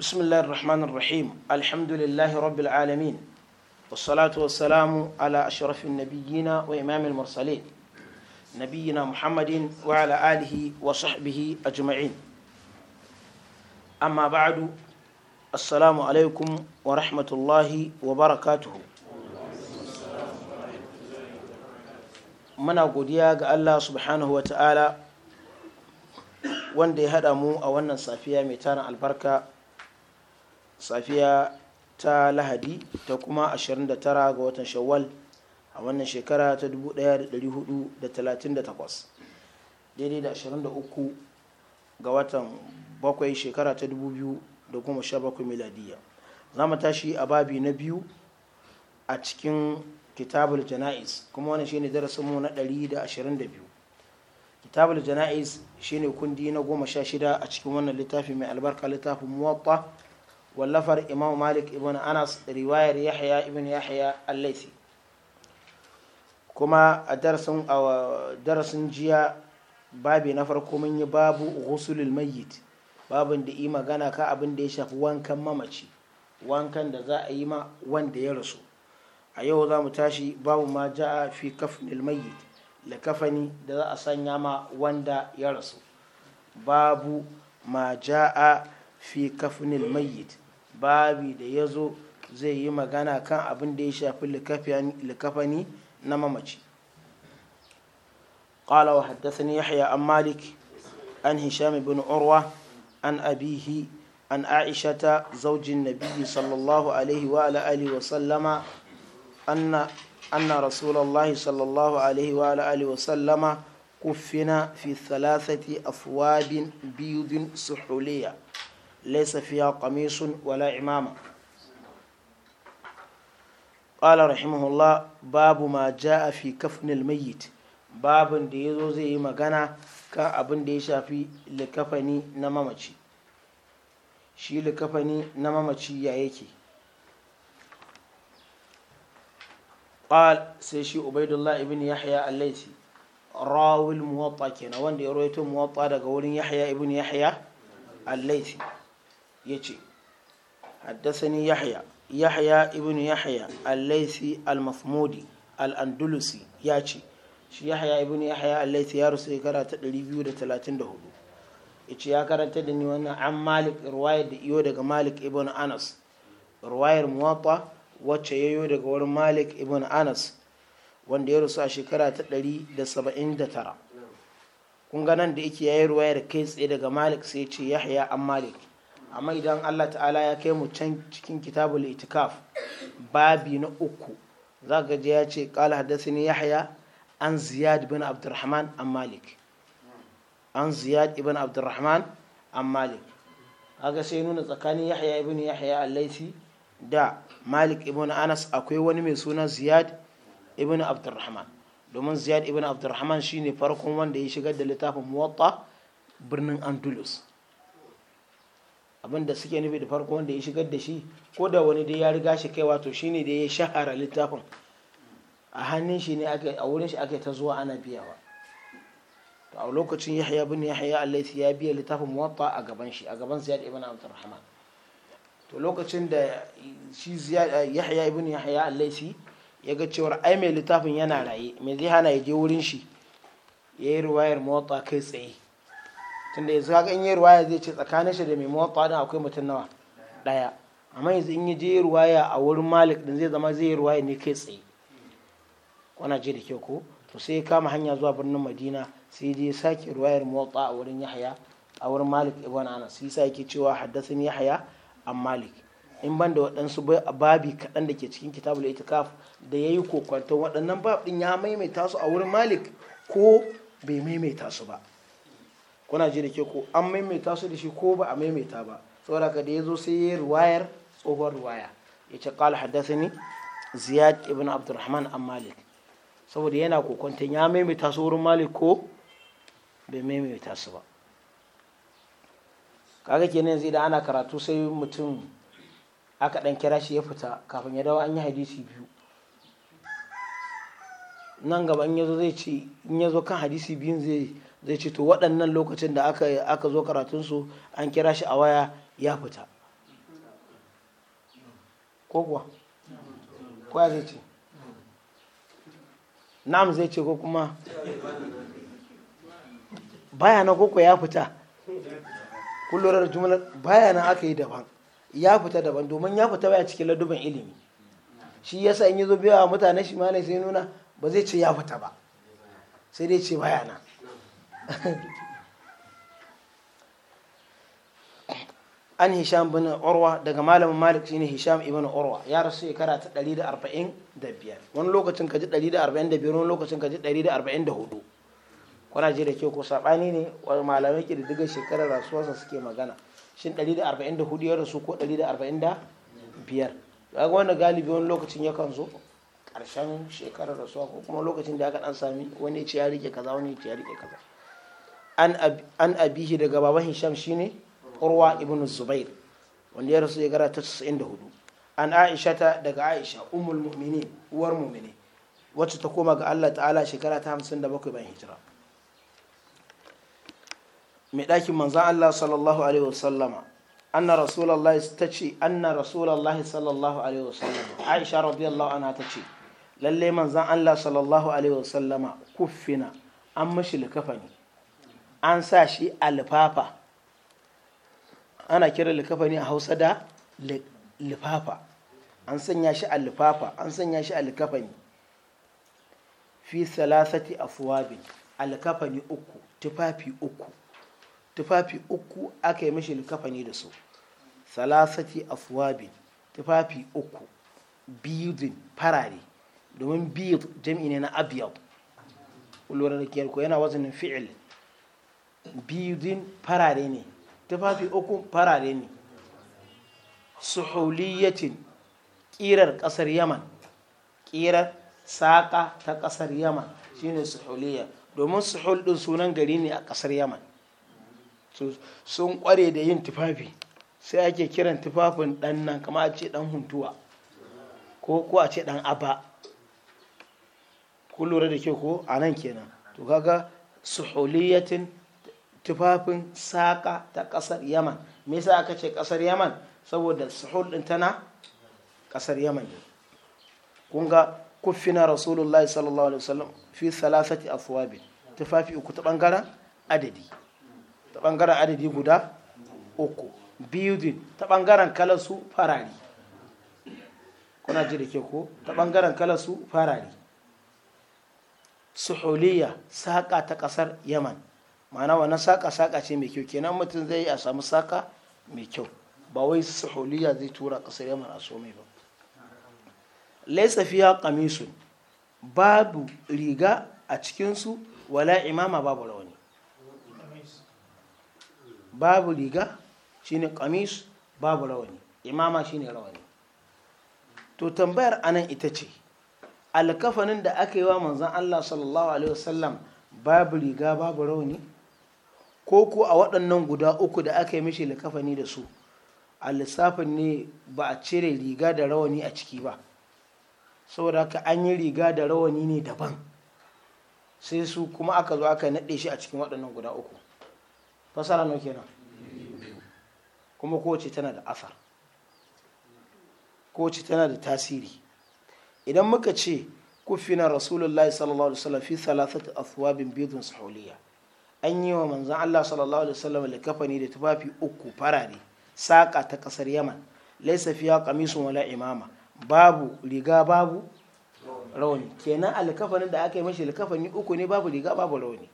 بسم الله الرحمن الرحيم الحمد لله رب العالمين والصلاة والسلام على أشرف النبيين وإمام المرسلين نبينا محمد وعلى آله وصحبه أجمعين أما بعد السلام عليكم ورحمة الله وبركاته muna godiya ga Allah subhanahu wa ta'ala wanda ya haɗa mu a wannan safiya mai tarin albarka safiya ta lahadi ta kuma 29 ga watan shawwal a wannan shekara ta 1438 daidai da 23 ga watan bakwai shekara ta 2017 miladiyya za mu tashi a babi na biyu a cikin kitabul jana'iz kuma wannan shine darasinmu na 122 kitabul jana'iz shine kundi na 16 a cikin wannan littafi mai albarka littafin muwatta wallafar imam malik ibn anas riwayar yahaya ibn yahaya al-laisi kuma a darasin jiya babi na farko mun yi babu ghusulul mayyit babu da yi magana ka abin da ya shafi wankan mamaci wankan da za a yi ma wanda ya rasu a yau za mu tashi babu ma ja'a fi kafnil mayyit la kafani da za a sanya ma wanda ya rasu babu ma ja'a fi kafnil mayyit babi da yazo zai yi magana kan abin da ya shafi likafani na mamaci ƙala wa haddasa ne ya an malik an hisham ibn urwa an abihi an aishata zaujin nabi sallallahu alaihi wa ala'ali wasallama anna rasulallah sallallahu alaihi wa ala'ali wasallama kufina fi thalathati afwabin biyu din suhuliya ليس فيها قميص ولا إمامة قال babu الله باب ما جاء في كفن الميت da ya zo zai yi magana kan abin da ya shafi likafani na mamaci shi likafani na mamaci ya yake قال sai shi ubaidullah ibn yahya allaisi rawil muwatta kenan wanda ya rawaito muwatta daga wurin yahya ibn yahya allaisi ya ce haddasani yahya yahya ibn yahya al-laisi al-mafmudi al-andalusi ya ce shi yahya ibn yahya al-laisi ya rasu shekara ta 234 ce ya karanta da ni wannan an malik ruwayar da iyo daga malik ibn anas ruwayar muwatta wacce yayo daga wurin malik ibn anas wanda ya rasu a shekara ta 179 kun ganan da yake yayi ruwayar kai tsaye daga malik sai ce yahya an malik amma idan Allah ta'ala ya kai mu can cikin kitabul itikaf babi na uku za ka ji ya ce haddasa ni yahya an ziyad ibn abdurrahman an malik an ziyad ibn abdurrahman an malik haka sai nuna tsakanin yahya ibn yahya a laisi da malik ibn anas akwai wani mai suna ziyad ibn abdurrahman domin ziyad ibn abdurrahman shine farkon wanda ya shigar da littafin muwatta birnin andalus abin da suke nufi da farko wanda ya shigar da shi ko da wani dai ya riga shi kaiwa to shine da ya shahara littafin a hannun shi ne a wurin shi ake ta zuwa ana biyawa to a lokacin yahya bin yahya Allaisi ya biya littafin muwatta a gaban shi a gaban ziyad ibn abdurrahman to lokacin da shi ziyad yahya ibn yahya allaiti ya ga cewar ai mai littafin yana raye mai zai hana ya je wurin shi ya yi ruwayar muwatta kai tsaye tunda yanzu kaga in ruwaya zai ce tsakanin shi da mai muwatta din akwai mutum nawa daya amma yanzu in yi je ruwaya a wurin malik din zai zama zai yi ruwaya ne kai tsaye wana je da ke ko to sai ya kama hanya zuwa birnin madina sai je sake ruwayar muwatta a wurin yahaya a wurin malik ibn anas sai yake cewa haddathin yahaya an malik in ban da waɗansu babi kaɗan da ke cikin kitabul itikaf da ya yi kokwanton waɗannan bab ɗin ya maimaita su a wurin malik ko bai maimaita su ba kuna ji da ke ko an maimaita su da shi ko ba a maimaita ba saboda ka da ya zo sai ya riwayar tsohon ruwaya ya ce kala ni ziyad ibn abdurrahman an malik saboda yana kokonta ya maimaita su wurin malik ko bai maimaita su ba kaga kenan zai da ana karatu sai mutum aka dan kira shi ya fita kafin ya dawo an yi hadisi biyu nan gaba in yazo zai ce in yazo kan hadisi biyun zai zai ce to waɗannan lokacin da aka zo karatunsu an kira shi a waya ya fita ko kuwa kowa zai ce na'am zai ce ko kuma bayana na ya fita kullurar jumlar baya bayana aka yi daban ya fita daban domin ya fita baya cikin ladubin ilimi shi yasa in yi zo biya mutane shi ma ne sai nuna ba zai ce ya fita ba sai dai ce baya na an hisham bin urwa daga malamin malik shine hisham ibn urwa ya rasu shekara ta 145 wani lokacin kaji 145 wani lokacin kaji 144 ji da ke ko sabani ne malamai ke da diga shekarar rasuwarsa suke magana shin 144 ya rasu ko 145 ga wani galibi wani lokacin yakan zo ƙarshen shekarar rasuwa ko kuma lokacin da aka dan sami wani ya ya rike kaza wani ya rike kaza an abihi daga baban hisham shine urwa ibn zubair wanda ya rasu shekara ta 94 an aisha ta daga aisha umul mu'mini uwar mu'mini wacce ta koma ga Allah ta'ala shekara ta 57 bayan hijira mai ɗakin manzan Allah sallallahu alaihi wasallama anna rasulallah ta ce anna rasulallah sallallahu alaihi wasallama aisha radiyallahu anha ta ce lalle manzan Allah sallallahu alaihi wasallama kuffina an mashi likafani an sa shi ana kira likafa ne a hausa da lifafa an sanya shi alfafa an sanya shi ne fi salasati a aswabin ne uku tufafi uku tufafi uku aka yi mashi likafani da su salasati a aswabin tufafi uku biyudin farare domin biyu jam'i ne na abiyar lura da yana wazanin fi'il din farare ne tufafi uku farare ne suhuliyyacin ƙirar ƙasar yaman kirar saƙa ta ƙasar yaman shine suhuliyya domin suhul ɗin sunan gari ne a ƙasar yaman sun kware da yin tufafi sai ake kiran tufafin ɗan nan kama a ce ɗan huntuwa ko ko a ce ɗan aba ku lura da ke ko a nan kenan to kaga suhuliyatin tufafin saƙa ta ƙasar yaman me yasa aka ce ƙasar yaman saboda suhul ɗin tana ƙasar yaman ne kun ga kuffina rasulullahi sallallahu alaihi wasallam fi salasati aswabin tufafi uku ta ɓangaren adadi ta ɓangaren adadi guda uku din ta ɓangaren kalar su farari kuna ji da ke ko ta ɓangaren kalar su farari suhuliya saƙa ta ƙasar yaman ma'ana wannan saƙa saƙa ce mai kyau kenan mutum zai yi a samu saƙa mai kyau ba wai sahuliya zai tura ƙasar yaman a somai ba laisa fiya qamisun babu riga a cikinsu wala imama babu rauni babu riga shi ne qamis babu rauni imama shi ne rauni to tambayar anan ita ce alkafanin da aka yi wa manzon Allah sallallahu alaihi wasallam babu riga babu rauni. ko ko a waɗannan guda uku da aka yi mishi likafani da su a lissafin ne ba a cire riga da rawani a ciki ba saboda haka an yi riga da rawani ne daban sai su kuma aka zo aka naɗe shi a cikin waɗannan guda uku fasara nau kenan kuma kowace tana da asar kowace tana da tasiri idan muka ce kufina rasulullahi sallallahu alaihi wasallam fi salasati athwabin bidun sahuliyya an yi wa manzan Allah sallallahu alaihi wasallam likafani da tufafi uku farare saƙa ta ƙasar Yaman laisa fiya qamisun wala imama babu riga babu rawani kenan alkafanin da aka yi mashi likafani uku ne babu riga babu rawani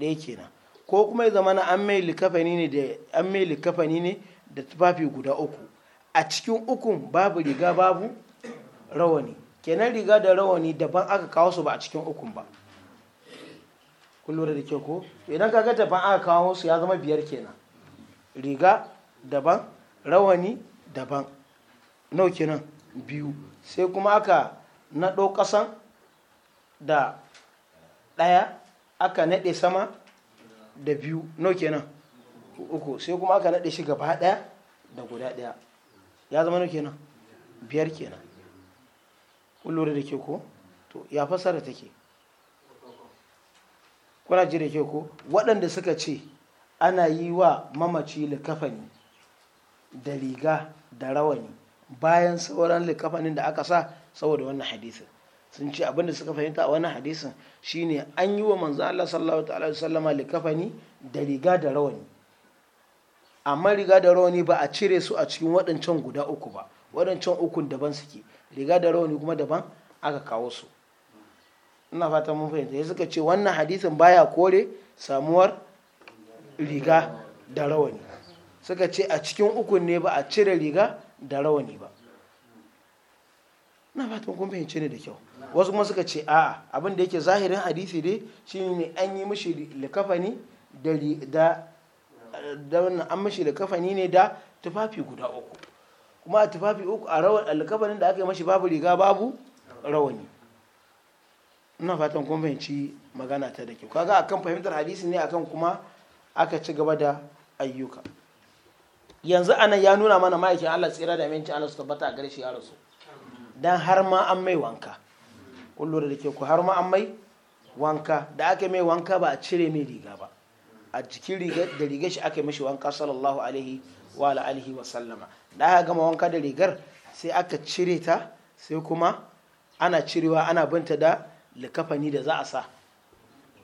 ɗaya kenan ko kuma ya zamana an mai likafani ne da an mai likafani ne da tufafi guda uku a cikin ukun babu riga babu rawani kenan riga da rawani daban aka kawo su ba a cikin ukun ba kullum da ke ko idan kaga daban aka kawo su ya zama biyar kenan riga daban rawani daban nau kenan biyu sai kuma aka naɗo ƙasan da ɗaya aka naɗe sama da biyu nau kenan uku sai kuma aka naɗe shi gaba ɗaya da guda ɗaya ya zama nau kenan biyar kenan kullum da ke ko to ya fasara take kuna ji da ko waɗanda suka ce ana yi wa mamaci likafani da riga da rawani bayan sauran likafanin da aka sa saboda wannan hadisin sun ce abinda suka fahimta a wannan hadisin shine an yi wa manzo Allah sallallahu alaihi wasallama likafani da riga da rawani amma riga da rawani ba a cire su a cikin waɗancan guda uku ba waɗancan uku daban suke riga da rawani kuma daban aka kawo su ina fata mun fahimta suka ce wannan hadisin baya kore samuwar riga da rawani suka ce a cikin ukun ne ba a cire riga da rawani ba na fatan kun fahimci ne da kyau wasu kuma suka ce a'a abin da yake zahirin hadisi dai shine an yi mishi likafani da da da wannan an mishi likafani ne da tufafi guda uku kuma a tufafi uku a rawani alkafanin da aka yi mashi babu riga babu rawani ina fatan kun fahimci magana ta da kyau kaga akan fahimtar hadisi ne akan kuma aka ci gaba da ayyuka yanzu anan ya nuna mana ma'aikin Allah tsira da aminci Allah su tabbata a gare shi ya rasu dan har ma an mai wanka kun da ke ku har ma an mai wanka da aka mai wanka ba a cire mai riga ba a jikin da riga shi aka mishi wanka sallallahu alaihi wa alihi wa sallama da aka gama wanka da rigar sai aka cire ta sai kuma ana cirewa ana binta da likafani da za a sa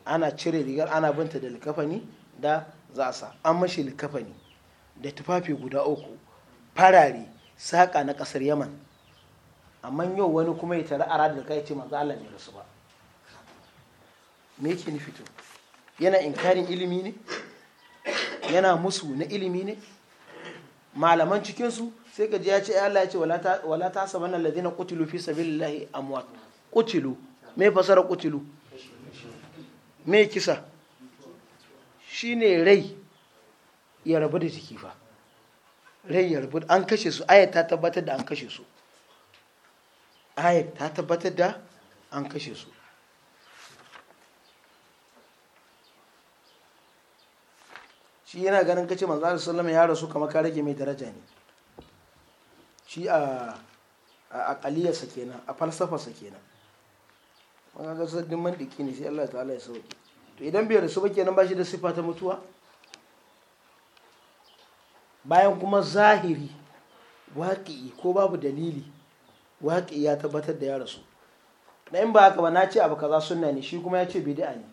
ana cire rigar ana binta da likafani da za a sa an mashi likafani da tufafi guda uku farare saƙa na ƙasar yaman amma yau wani kuma ya tare ara da kai ce manzo Allah ne rasu ba me yake nufi to yana inkarin ilimi ne yana musu na ilimi ne malaman cikin su sai ka ji ya ce Allah ya ce wala ta sabanna alladhina qutilu fi sabilillahi amwat qutilu me fasara kutilu me kisa Shi ne rai ya rabu da jiki fa rai ya rabu an kashe su ayat ta tabbatar da an kashe su ayat ta tabbatar da an kashe su shi yana ganin kace manzo Allah sallama ya rasu kamar ka rage mai daraja ne shi a aqaliyarsa kenan a falsafarsa kenan wani ga sadin mandiki ne sai Allah ta'ala ya sauke to idan bai rasu ba kenan ba shi da sifa ta mutuwa bayan kuma zahiri waƙi ko babu dalili waƙi ya tabbatar da ya rasu na in ba haka ba na ce abu kaza sunna ne shi kuma ya ce bid'a ne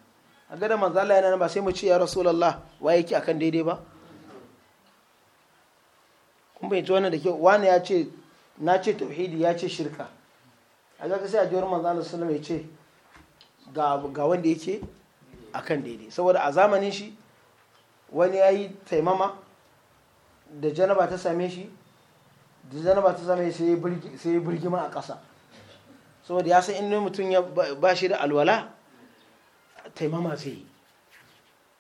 a gada manzala manzo Allah yana ba sai mu ce ya rasulullah wa yake akan daidai ba kun bai ji wannan da ke wani ya ce na ce tauhidi ya ce shirka a ga sai a jiwar manzo Allah sallallahu alaihi wasallam ya ce ga wanda yake kan daidai saboda a zamanin shi wani ya yi taimama da janaba ta same shi da janaba ta same shi sai ya birgima a ƙasa saboda ya san inda mutum ya ba shi da alwala taimama zai yi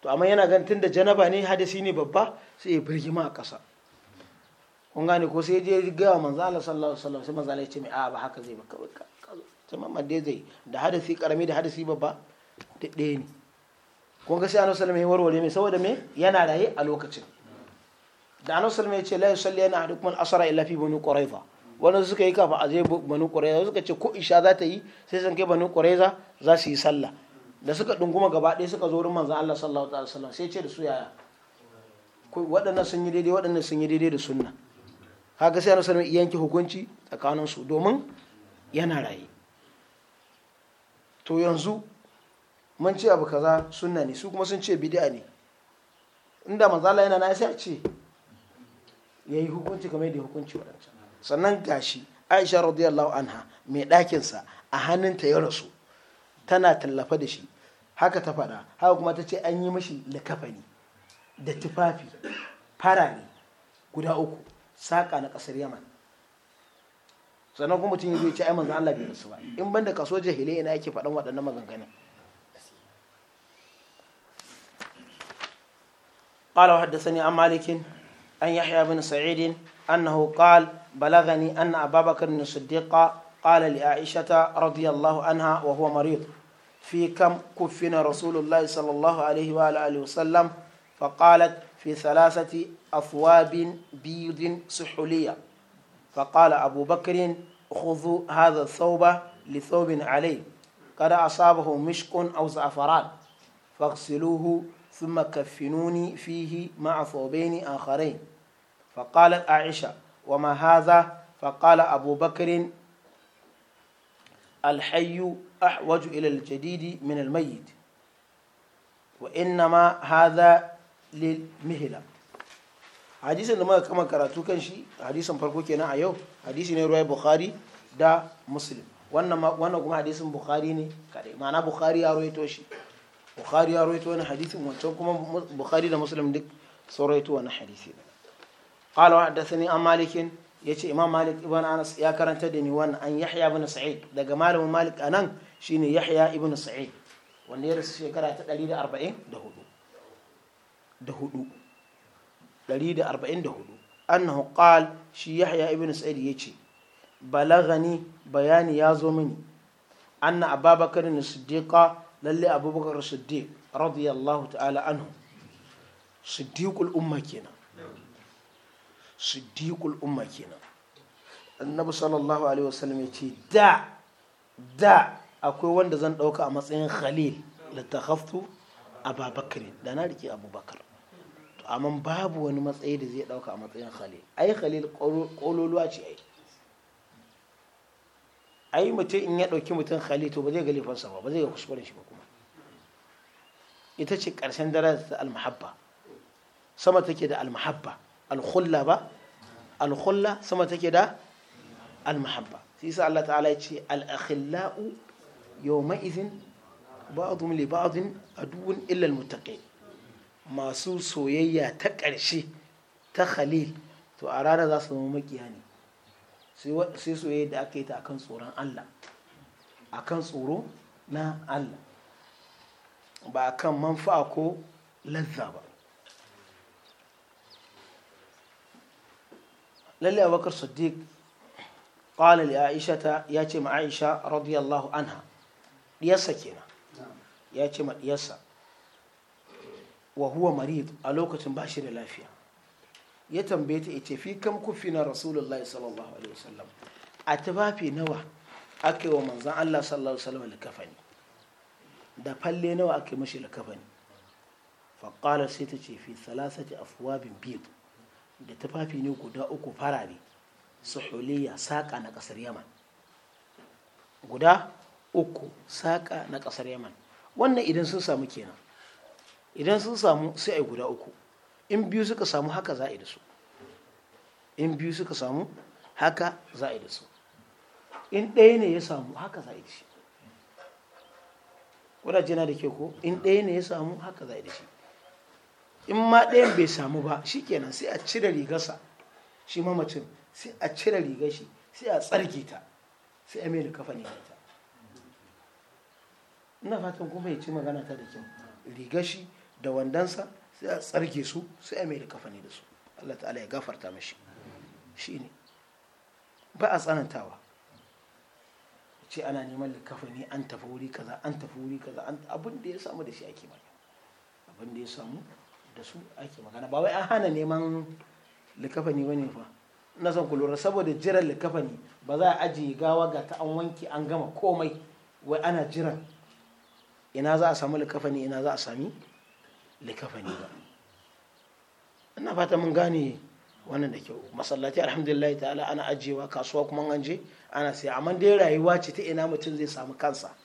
to amma yana gan tun da janaba ne hadasi ne babba sai ya birgima a ƙasa kun gane ko sai je gaya manzala sallallahu alaihi wasallam sai manzala ya ce mai a ba haka zai ba kawai zaman madde zai da hadasi karami da hadasi babba da ɗaya ne kun ga sai annabi sallallahu warware mai saboda me yana raye a lokacin da annabi sallallahu ya ce layin salli yana kuma asara illa fi bani ba. wannan suka yi kafa a zai bani quraiza suka ce ko isha za ta yi sai sun kai banu quraiza za su yi sallah da suka ɗunguma gaba ɗaya suka zo wurin manzan Allah sallallahu alaihi wasallam sai ce da su yaya waɗannan sun yi daidai waɗannan sun yi daidai da sunna haka sai annabi sallallahu alaihi yanke hukunci tsakanin su domin yana raye to yanzu mun ce abu kaza sunna ne su kuma sun ce bid'a ne inda mazala yana na sai a ce yayi hukunci kamar da hukunci wadancan sannan gashi Aisha radiyallahu anha mai ɗakin sa a hannunta ya rasu tana tallafa da shi haka ta fada haka kuma ta ce an yi mashi likafani da tufafi farare guda uku saƙa na ƙasar yaman sannan kuma mutum zai ce ai manzon Allah bai rasu ba in banda kaso jahilai ina yake faɗan waɗannan maganganun قال وحدثني عن مالك أن يحيى بن سعيد أنه قال بلغني أن أبا بكر الصديق قال لعائشة رضي الله عنها وهو مريض في كم كفن رسول الله صلى الله عليه وآله وسلم فقالت في ثلاثة أثواب بيض سحلية فقال أبو بكر خذوا هذا الثوب لثوب عليه قد أصابه مشك أو زعفران فاغسلوه ثم كفنوني فيه مع ثوبين آخرين فقالت عائشة وما هذا فقال أبو بكر الحي أحوج إلى الجديد من الميت وإنما هذا للمهلة hadisin da muka kama karatu kan shi hadisin farko kenan a yau hadisi ne ruwai bukhari da muslim wannan kuma hadisin bukhari ne kadai ma'ana bukhari ya roito shi bukhari ya roito wani hadisin wancan kuma bukhari da muslim duk sun roito wani hadisi ne قال an malikin ya yace imam malik ibn anas ya karanta da ni wannan an yahya ibn sa'id daga malamin malik anan shine yahya ibn sa'id wanda ya rasu shekara ta 144 da hudu 144 annahu qal shi yahya ibn sa'id yace balagani bayani ya zo mini anna ababakar siddiqa lalle abubakar siddiq radiyallahu ta'ala anhu siddiqul umma kenan siddiqul umma kenan annabi sallallahu alaihi wasallam yace da da akwai wanda zan dauka a matsayin khalil latakhaftu ababakar da na rike abubakar amma babu wani matsayi da zai dauka a matsayin khalil ai khalil kololuwa ce ai ai mutum in ya dauki mutum khalil to ba zai ga laifansa ba ba zai ga kuskuren shi ba kuma ita ce karshen daraja ta almuhabba sama take da almuhabba alkhulla ba alkhulla sama take da almuhabba sai sa Allah ta'ala ya ce al-akhillau yawma idhin ba'dhum li ba'dhin adu'un illa al-muttaqin masu soyayya ta ƙarshe ta khalil to a rana za su zama makiya ne sai soyayya da aka yi ta akan tsoron Allah akan tsoro na Allah ba akan manfa'a ko lazza ba lalle abakar siddiq qala a'ishata aisha ya ce ma aisha radiyallahu anha ɗiyarsa kenan ya ce ma ɗiyarsa wa huwa marid a lokacin ba shi da lafiya ya tambaye ta ce fi kam na rasulullahi sallallahu alaihi wasallam a tufafi nawa aka yi wa manzan Allah sallallahu alaihi wasallam likafani da falle nawa aka yi mashi likafani faƙala sai ta ce fi salasati afwabin bid da tufafi ne guda uku farare suhuliya saƙa na ƙasar yaman guda uku saƙa na ƙasar yaman wannan idan sun samu kenan idan sun samu sai a guda uku in biyu suka samu haka za a yi da su in biyu suka samu haka za a yi da su in ɗaya ne ya samu haka za a yi da shi wadace na da ke ko in ɗaya ne ya samu haka za a yi da shi in ma ɗayan bai samu ba shi kenan sai a cire rigarsa shi mamacin sai a cire rigar shi sai a tsarki ta sai a mai da kafa ne ta ina fatan kuma ya ci magana ta da kyau rigar shi da wandansa sai a tsarke su sai a mai kafani da su Allah ta'ala ya gafarta mashi shi ne ba a tsanantawa ce ana neman likafani an tafi wuri kaza an tafi wuri kaza abin da ya samu da shi ake magana abin da ya samu da su ake magana ba wai an hana neman likafani bane fa na san kulura saboda jiran likafani ba za a ajiye gawa ga ta an wanki an gama komai wai ana jiran ina za a samu likafani ina za a sami likafani ba ina fata mun gane wannan da kyau masallaci alhamdulillah ta'ala ana ajiyewa kasuwa kuma an je ana sai amma dai rayuwa ce ta ina mutum zai samu kansa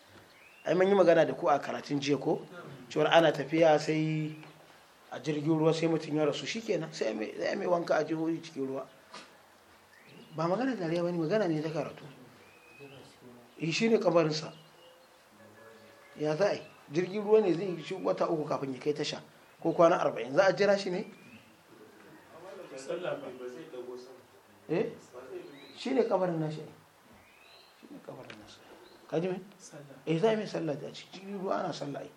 ai mun yi magana da ku a karatun jiya ko cewar ana tafiya sai a jirgin ruwa sai mutum ya rasu shikenan sai ya mai wanka a jihohi cikin ruwa ba magana da ba ne magana ne ta karatu eh, shi ne kabarinsa ya za a jirgin ruwa ne zai shi wata uku kafin ya kai tasha ko kwana arba'in za a jira shi ne eh? shi ne kabarin nashi ne shi ne kabarin nashi kaji mai eh za a mai sallah da cikin jirgin ruwa ana sallah ai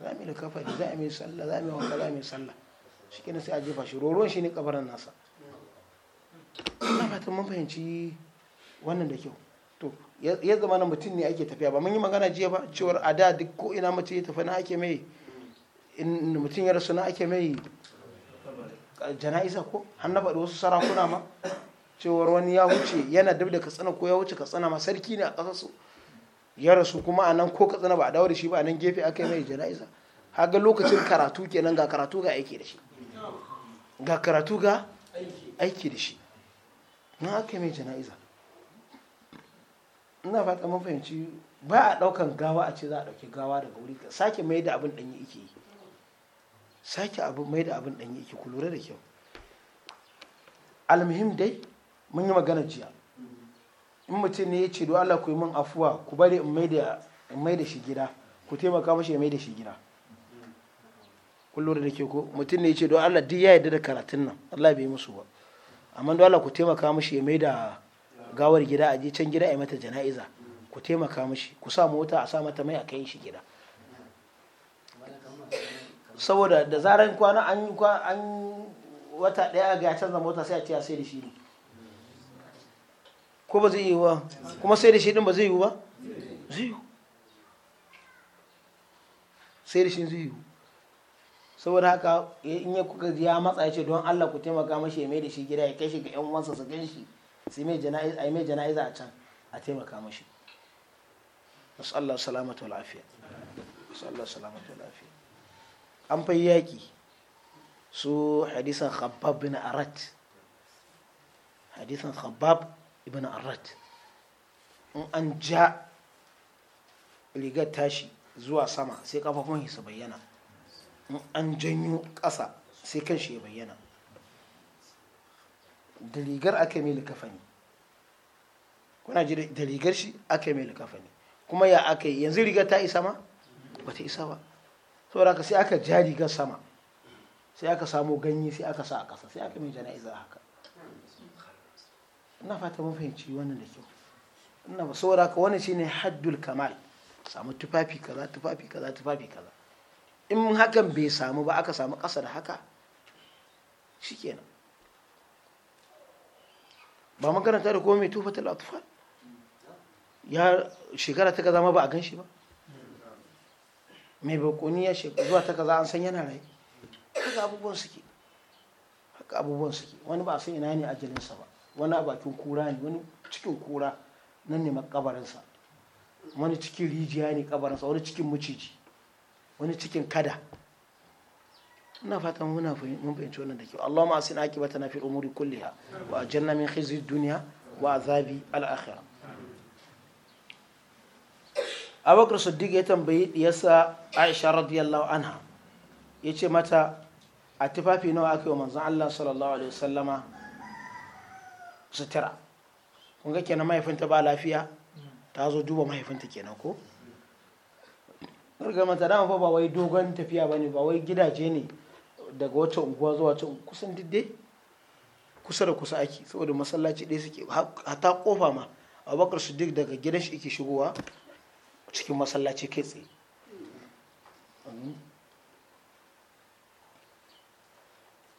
za a mai kafa za a mai sallah za a mai wanka za a mai sallah shi kenan sai a jefa shi roron shi ne kabarin nasa ina fatan mun fahimci wannan da kyau ya zama na mutum ne ake tafiya ba mun yi magana jiya ba cewar a da duk ko ina mace ya tafi na ake mai in mutum ya rasu na ake mai jana'iza ko an na faɗi wasu sarakuna ma cewar wani ya wuce yana dab da katsina ko ya wuce katsina ma sarki ne a su ya rasu kuma a nan ko katsina ba a dawo da shi ba a nan gefe aka mai jana'iza haga lokacin karatu kenan ga karatu ga aiki da shi ga karatu ga aiki da shi na aka mai jana'iza ina fata mun fahimci ba a ɗaukan gawa a ce za a ɗauki gawa daga wuri sake mai da abin ɗanyi ike yi sake mai da abin ɗanyi ike ku lura da kyau almuhim dai mun yi magana jiya in mutum ne ya ce do Allah ku yi min afuwa ku bari in mai da shi gida ku taimaka mashi ya mai da shi gida kun lura da kyau ko mutum ne ya ce do Allah duk ya yarda da karatun nan Allah bai musu ba amma do Allah ku taimaka mashi ya mai da gawar gida a je can gida a yi mata jana'iza ku taimaka mishi ku sa mota a sa mata mai a kai shi gida saboda da zarar kwana an an wata daya ga canza mota sai a ce a sai da shi ne ko ba zai yi ba kuma sai da shi din ba zai yi ba zai yi sai da shi zai yi saboda haka eh, in ya kuka ya matsa ya ce don Allah ku taimaka mashi ya mai da shi gida ya kai shi ga yan uwansa su gan shi sai mai jana'iza ai mai jana'iza a can a taimaka mashi nasallahu salamatu wal afiya nasallahu salamatu wal afiya an fa yaki su hadisan khabbab bin arat hadisan khabbab ibn arat in an ja rigar tashi zuwa sama sai kafafun su bayyana in an janyo ƙasa sai kan shi ya bayyana da rigar aka mai kafani, kuna ji da rigar shi aka mai kafani kuma ya aka yi yanzu rigar ta isa ma ba ta isa ba saboda aka sai aka ja rigar sama sai aka samu ganye sai aka sa a ƙasa sai aka mai jana'iza haka ina fata mun fahimci wannan da kyau ina ba saboda wani wannan ne haddul kamal samu tufafi kaza tufafi kaza tufafi kaza in hakan bai samu ba aka samu ƙasa da haka shikenan ba makaranta da komai tufa tufatul atfal ya shekara ta kaza ma ba a gan shi ba mai bakoni ya shekara zuwa ta kaza an san yana rai haka abubuwan suke haka abubuwan suke wani ba a san ina ne a jirinsa ba wani a bakin kura ne wani cikin kura nan ne makabarinsa wani cikin rijiya ne kabarinsa wani cikin maciji wani cikin kada ina fatan muna mun fahimci wannan da kyau Allahumma asina aqibatana fi umuri kulliha wa ajirna min khizyi dunya wa azabi al-akhirah abubakar siddiq ya tambayi diyarsa aisha radiyallahu anha ya ce mata a tufafi nawa aka yi wa manzan allah sallallahu alaihi wasallama sutura kun ga kenan mahaifinta ba lafiya ta zo duba mahaifinta kenan ko gargamanta dama fa ba wai dogon tafiya ba ne ba wai gidaje ne daga wacce unguwa zuwa wacce kusan diddai kusa da kusa ake saboda masallaci ɗaya suke hata kofa ma abubakar duk daga gidan shi yake shigowa cikin masallaci kai tsaye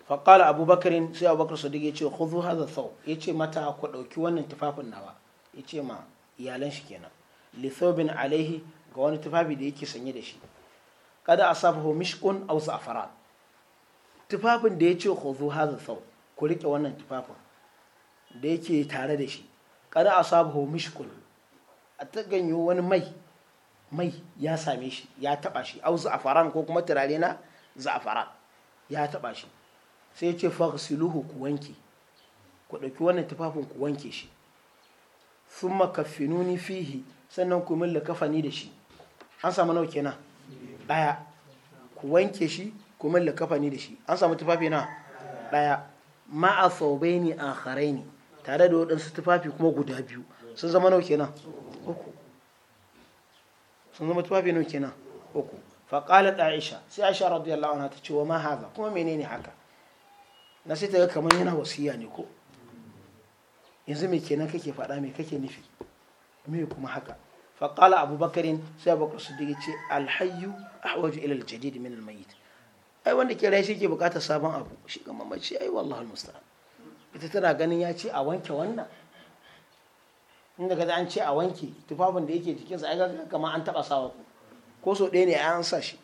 faƙala abubakarin sai abubakar duk ya ce huzu haza sau ya ce mata ku ɗauki wannan tufafin nawa ya ce ma iyalan shi kenan lithobin alaihi ga wani tufafi da yake sanye da shi kada a asabahu mishkun aw za'faran tufafin da ya ce khudhu haza sau ku rike wannan tufafin da yake tare da shi kada a asabahu mishkul a ta ganyo wani mai mai ya same shi ya taba shi au za'afaran ko kuma turare na za'afara ya taba shi sai ya ce faghsiluhu ku wanke ku ɗauki wannan tufafin ku wanke shi thumma kaffinuni fihi sannan ku milla kafani da shi an samu nawa na ɗaya. ku wanke shi ku malla kafani da shi an samu tufafi na daya ma'a thawbaini ni tare da waɗansu tufafi kuma guda biyu sun zama nauke na uku sun zama tufafi nauke na uku faƙalat aisha sai aisha radiyallahu na ta ce wa ma haza kuma menene haka na sai ta ga kamar yana wasiya ne ko yanzu me kenan kake faɗa me kake nufi me kuma haka faƙala abubakarin sai abubakar su ce alhayyu ahwaju ila al-jadid min al-mayyit ai wanda ke rai ke bukatar sabon abu shi ga mamaci ai wallahi ita tana ganin ya ce a wanke wannan inda kaza an ce a wanke tufafin da yake jikinsa ai ga an taba sawa ko so ɗaya ne an sa shi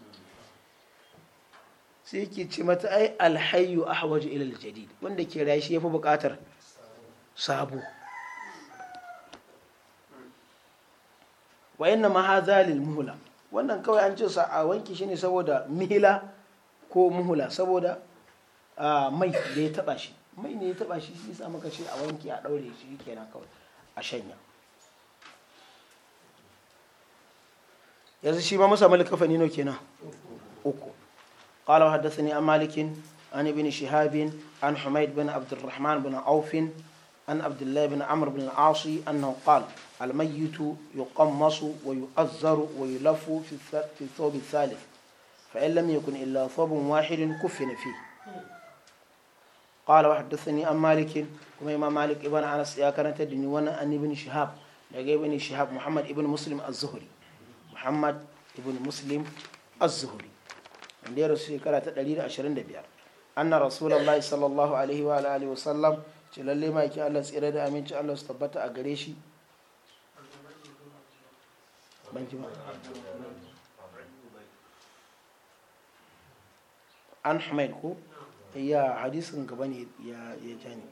sai yake ce mata ai alhayu ahwaju ilal aljadid wanda ke rayu yafi bukatar sabo wa inna ma hadha lil muhla wannan kawai an ce sa'a wanki shi ne saboda mila ko muhula saboda mai da ya taba shi mai ne ya taba shi shi sa muka ce a wanki a daure shi yake na kawai a shanya yanzu shi ma masa mali kafa nino kenan uku qala hadathani am malikin an ibn shihab an humayd bin Abdulrahman bin Aufin an abdullah bin Amar bin al-asi annahu qala الميت يقمص ويؤذر ويلف في الثوب الثالث فإن لم يكن إلا ثوب واحد كفن فيه قال وحدثني عن مالك كما إمام مالك ابن أنس يا كانت الدنيا وأنا أن ابن شهاب لقى ابن شهاب محمد ابن مسلم الزهري محمد ابن مسلم الزهري عند رسول كرة تدليل عشرين دبيار أن رسول الله صلى الله عليه وآله وسلم تلالي ما يكي الله سيرد أمين الله استبت أقريشي ban ba an hamid ko ya hadisin gaba ne ya jani.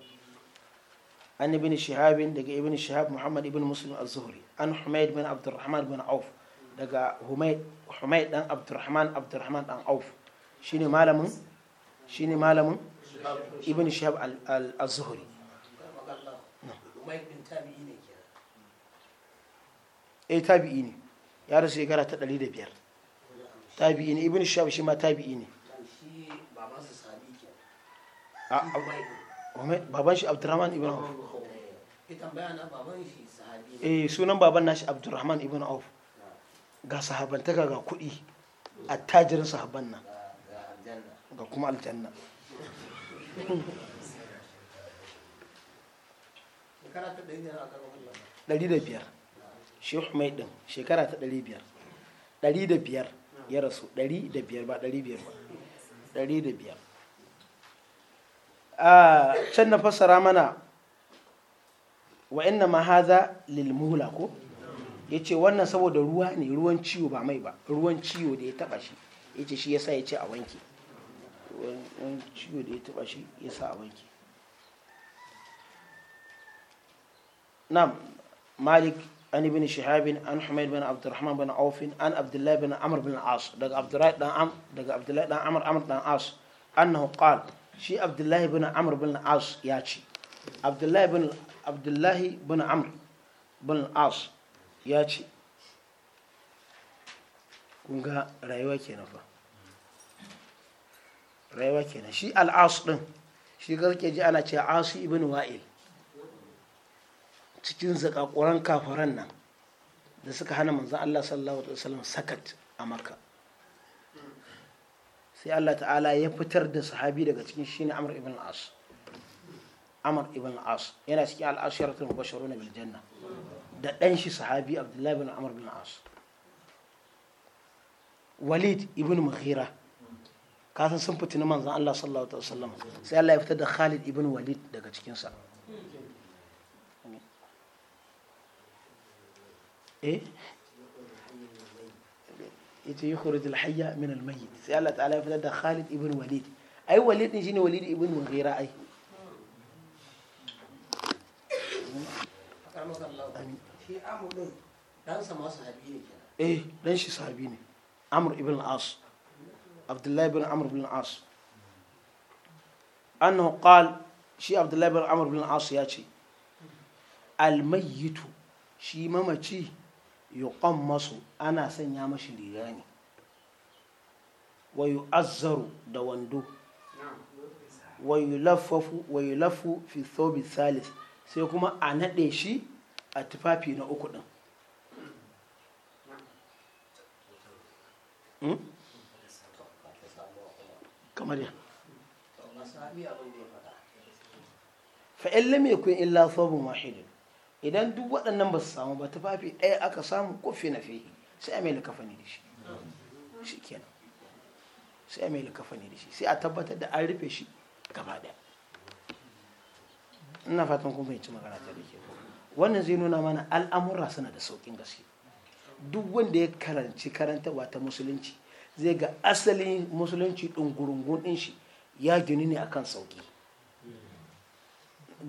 an ibn shihabin daga ibn muhammad ibn muslim zuhri an bin abdurrahman bin auf daga dan abdurrahman abdurrahman dan auf shine malamin shine malamin ibn zuhri tabi'i ne ya rasu shekara ta 105 tabi'i ne ibn Shabu shi ma tabi'i ne baban shi abdurrahman ibn auf eh sunan baban nashi abdurrahman ibn auf ga sahabantaka ga kuɗi tajirin sahabban nan ga kuma aljanna ɗari da biyar shi humai ɗin shekara ta biyar da biyar ya rasu da biyar ba biyar ba biyar a ah, can na fassara mana wa ina ma haza ko ya ce wannan saboda ruwa ne ruwan ciwo ba mai ba ruwan ciwo da ya taba shi ya ce shi ya sa ya ce a wanke ruwan ciwo da ya taba shi ya sa a wanke na malik an ibn shihabin an humayd bin abdurrahman bin aufin an abdullahi bin amr bin as daga abdullahi dan am daga abdullahi dan amr amr dan as annahu qala shi abdullahi bin amr bin as ya ci abdullahi bin abdullahi bin amr bin as ya ci kun ga rayuwa kenan fa rayuwa kenan shi al-as din shi garke ji ana ce asu ibn wa'il cikin zakakuran kafaran nan da suka hana manzan Allah sallallahu alaihi wasallam sakat a maka sai Allah ta'ala ya fitar da sahabi daga cikin shi ne amr ibn as amr ibn as yana cikin al'ashiratul mubashiruna bil Biljanna da ɗan shi sahabi abdullahi bin amr bin as walid ibn mughira kasan sun fitini manzan Allah sallallahu alaihi wasallam sai Allah ya fitar da Khalid ibn Walid daga cikinsa. إيه؟ يخرج الحية من الميت سأل الله تعالى فلدى خالد ابن وليد أي وليد يجيني وليد ابن وغيره أي إيه لنشي صاحبيني عمرو ابن العاص عبد الله بن عمرو بن العاص أنه قال شي عبد الله بن عمرو بن العاص يا شي الميت شي ماما شي yuqan masu ana sanya mashi riga ne wayu azzaru da wando wayu laffafu wayu laffu fi thobi salis sai kuma a naɗe shi a tufafi na uku ɗin hmm? kamar ya fa'in lamekun illa thawbun wahidin idan duk waɗannan ba su samu ba tufafi ɗaya aka samu ko na fi sai a mai likafani da shi shi kenan sai a mai likafani da shi sai a tabbatar da an rufe shi gaba ɗaya ina fatan kun fahimci magana ta da ke wannan zai nuna mana al'amura suna da sauƙin gaske duk wanda ya karanci karantarwa ta musulunci zai ga asalin musulunci ɗin gurungun ɗin shi ya gini ne akan sauƙi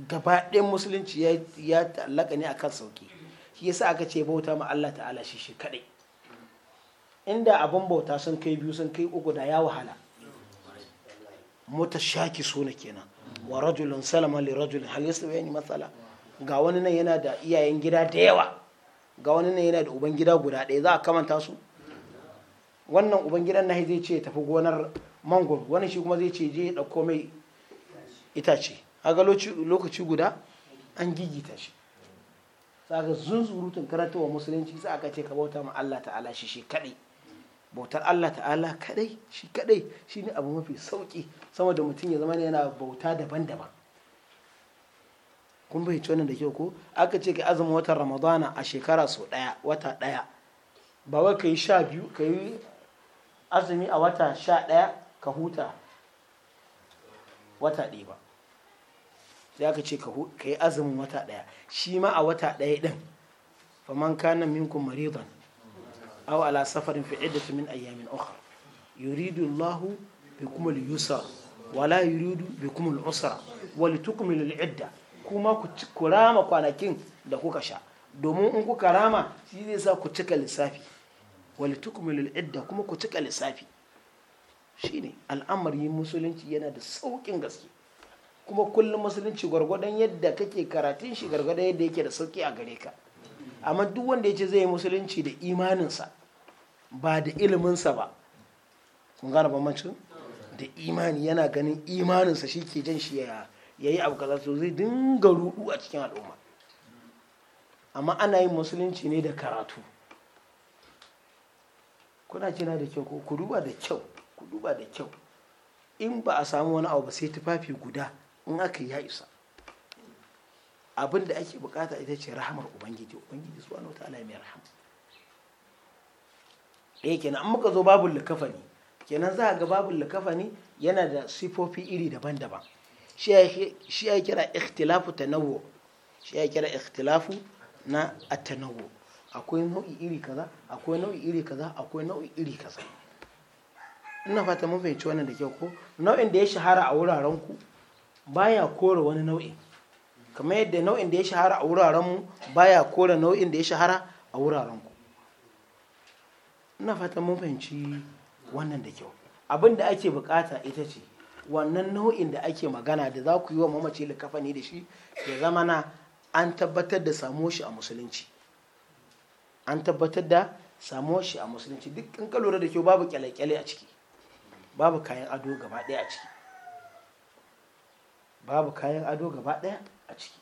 gaba musulunci ya ta'allaka ne a kan sauki shi yasa aka ce bauta ma Allah ta'ala shi shi kaɗai inda abin bauta sun kai biyu sun kai uku da ya wahala mota shaki suna kenan wa rajulun salama li rajulun hal bayani matsala ga wani nan yana da iyayen gida da yawa ga wani nan yana da uban gida guda ɗaya za a kamanta su wannan uban gidan nahi zai ce tafi gonar mangoro wani shi kuma zai ce je ya ɗauko mai itace ga lokaci guda an gigita shi saka zunzurutun wa musulunci sai aka ce ka bauta ma Allah ta'ala shi shi kadai bautar Allah ta'ala kadai shi kadai shine abu mafi sauki sama da mutum ya zama yana bauta daban-daban kun bai wannan da kyau ko aka ce ka azumi watan ramadana a shekara sau daya wata daya ba wai ka yi sha biyu ka yi azumi a wata sha daya ka huta wata ɗaya ba sai aka ce ka yi azumin wata ɗaya shi ma a wata ɗaya ɗin faman kana minkun maridon aw ala safarin fi iddatu min ayyamin ukhra yuridu Allah bikum al-yusra wala yuridu bikum al-usra wa litukmilu al-idda kuma ku rama kwanakin da kuka sha domin in kuka rama shi zai sa ku cika lissafi wa litukmilu al-idda kuma ku cika lissafi shine al'amari musulunci yana da saukin gaske kuma kullum musulunci gwargwadon yadda kake karatun shi gwargwadon yadda yake da sauki a gare ka amma duk wanda ya ce zai yi musulunci da imaninsa ba da iliminsa ba kun gane bambancin da imani yana ganin imaninsa shi ke jan shi ya yi abu kaza so zai dinga rudu a cikin al'umma amma ana yin musulunci ne da karatu kuna jina da kyau ko ku duba da kyau ku duba da kyau in ba a samu wani abu ba sai tufafi guda in aka yi ya isa abin da ake bukata ita ce rahamar ubangiji ubangiji su wani wata alamiyar rahama ɗaya kenan an muka zo babu ne kenan za a ga babu ne yana da sifofi iri daban-daban shi ya kira ikhtilafu nawo shi ya kira ikhtilafu na atanawo akwai nau'i iri kaza akwai nau'i iri kaza akwai nau'i iri kaza ina fata mun fahimci wannan da kyau ko nau'in da ya shahara a wuraren ku baya kore wani nau'i kamar yadda nau'in da ya shahara a wuraren mu baya kore nau'in da ya shahara a wurarenku ina fatan mun fahimci wannan da kyau abin da ake bukata ita ce wannan nau'in da ake magana da za ku yi wa mamaci likafani da shi ya zama na an tabbatar da samuwa shi a musulunci an tabbatar da samuwa shi a musulunci duk in da kyau babu kyale a ciki babu kayan ado gaba ɗaya a ciki babu kayan ado gaba ɗaya a ciki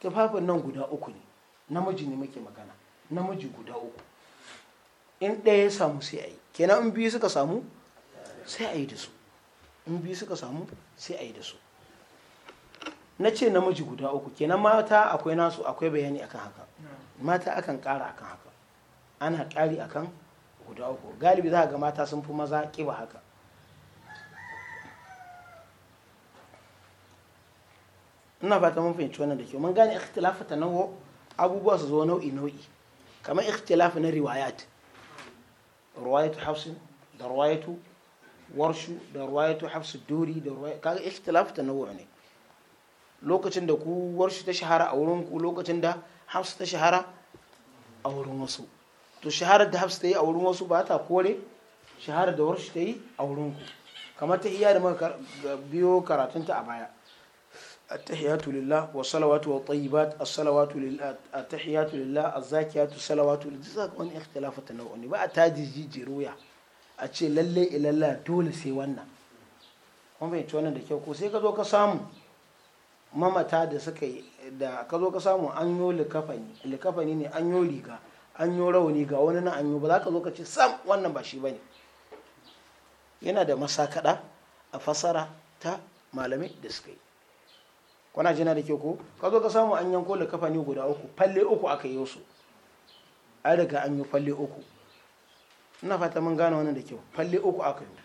tufafin nan guda uku ne namiji ne muke magana namiji guda uku in ɗaya ya samu sai a yi kenan in biyu suka samu sai a yi da su in biyu suka samu sai a yi da su na ce namiji guda uku kenan mata akwai nasu akwai bayani akan haka mata akan ƙara akan haka ana ƙari akan guda uku galibi za ga mata sun fi maza ƙiba haka ina fata mun fahimci wannan da kyau mun gane ikhtilafa ta nawo abubuwa su zo nau'i nau'i kamar ikhtilafa na riwayat riwayatu hafsin da riwayatu warshu da riwayatu hafs duri da riwayatu kaga ikhtilafa ta nawo ne lokacin da ku warshu ta shahara a wurin ku lokacin da hafs ta shahara a wurin wasu to shaharar da hafs ta yi a wurin wasu ba ta kore shaharar da warshu ta yi a wurin ku kamar ta iya da muka biyo karatunta a baya التحيات لله والصلوات والطيبات الصلوات لله التحيات لله الزاكيات الصلوات لله وان اختلاف التنوع ne ba ta jijiji ruya a ce lalle ilalla dole sai wannan kuma bai wannan da kyau ko sai ka zo ka samu mamata da suka yi da ka zo ka samu an yo likafani likafani ne an yo riga an yo rauni ga wani nan an yo ba za ka zo ka ce sam wannan ba shi bane yana da masakada a fasara ta malamai da suka yi wana jina da ke ko ka zo ka samu an yanko da kafa ne guda uku falle uku aka yi su an daga an yi falle uku ina fata mun gane wannan da kyau falle uku aka yi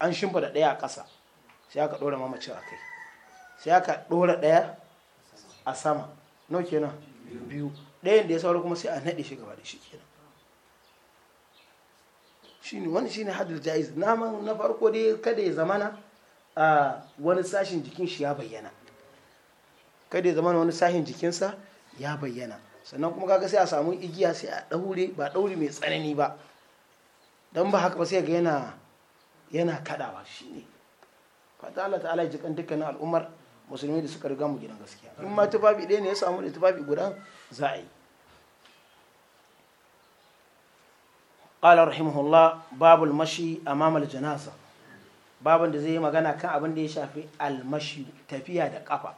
an shimfa da ɗaya a ƙasa sai aka ɗora mamacin a kai sai aka ɗora ɗaya a sama nau kenan biyu ɗayan da ya saura kuma sai a naɗe shi gaba da shi kenan shine wani ne hadul jaiz naman na farko dai kada ya zamana a ah, wani sashen jikin shi ya bayyana kada ya zama wani sahin jikinsa ya bayyana sannan kuma kaga sai a samu igiya sai a daure ba daure mai tsanani ba don ba haka ba sai ga yana yana kadawa shine fata Allah ta'ala ji kan dukkanin al'ummar musulmi da suka riga mu gidan gaskiya in ma tufafi ɗaya ne ya samu da tufafi guda za a yi قال rahimahullah babul mashi a mamal الجنازة babin da zai yi magana kan abin da ya shafi almashi tafiya da kafa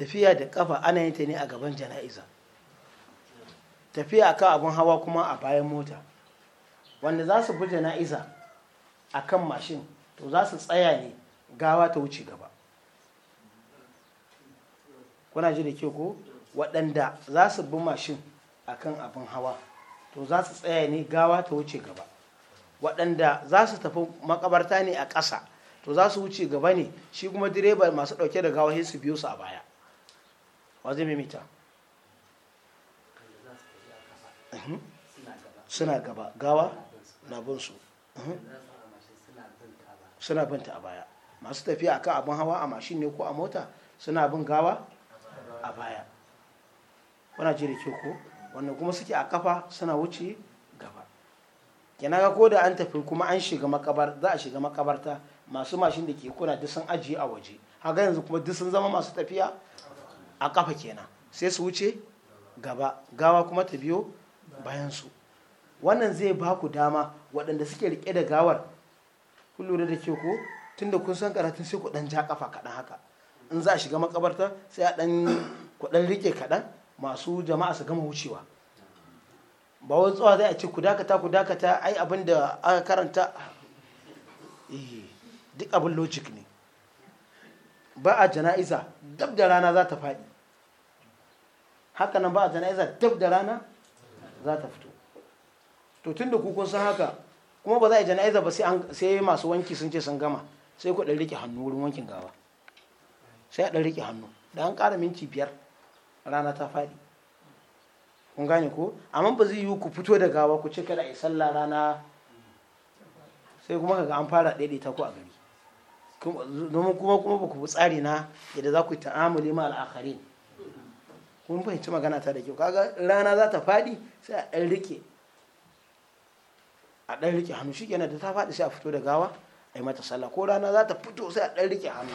tafiya da kafa ana yin ta ne a gaban jana'iza tafiya akan abin hawa kuma a bayan mota wanda za su bi jana'iza a kan mashin to za su tsaya ne gawa ta wuce gaba kuna ji da ke ko waɗanda za su bi mashin a kan abin hawa to za su tsaya ne gawa ta wuce gaba waɗanda za su tafi makabarta ne a ƙasa to za su wuce gaba ne shi kuma direba masu ɗauke da gawa su biyu su a baya wa zai maimaita mhm. suna gaba gawa na binsu mhm. suna binta a baya masu tafiya akan abin hawa a mashin ne ko a mota suna bin gawa a baya wana jere da ke ko wannan kuma suke a kafa suna wuce gaba yana ga ko da an tafi kuma an shiga makabar za a shiga makabarta masu mashin da ke kuna duk sun ajiye a waje haka yanzu kuma duk sun zama masu tafiya a kafa kenan sai su wuce gaba gawa kuma ta biyo bayan su wannan zai ba ku dama waɗanda suke rike da gawar kun lura da ke ko tunda kun san karatun sai ku dan ja kafa kaɗan haka in za a shiga makabarta sai a ɗan ku rike kaɗan masu jama'a su gama wucewa ba wani tsawa zai a ce ku dakata ku dakata ai abin da aka karanta eh, duk abin logic ne ba a jana'iza dab da rana za ta faɗi haka nan ba a jana'iza dab da rana za ta fito to tun da kun san haka kuma ba za a yi jana'iza ba sai masu wanki sun ce sun gama sai ku ɗan riƙe hannu wurin wankin gawa sai a ɗan riƙe hannu da an ƙara minti biyar rana ta faɗi kun gane ko amma ba zai yi ku fito da gawa ku ce kada a yi sallah rana sai kuma ga an fara daidaita ku a gari domin kuma kuma ba ku tsari na yadda za ku yi ta'amuli ma ne. kun fahimci magana ta da kyau kaga rana za ta faɗi sai a ɗan rike a ɗan rike hannu shi kenan da ta faɗi sai a fito da gawa a yi mata sallah ko rana za ta fito sai a ɗan rike hannu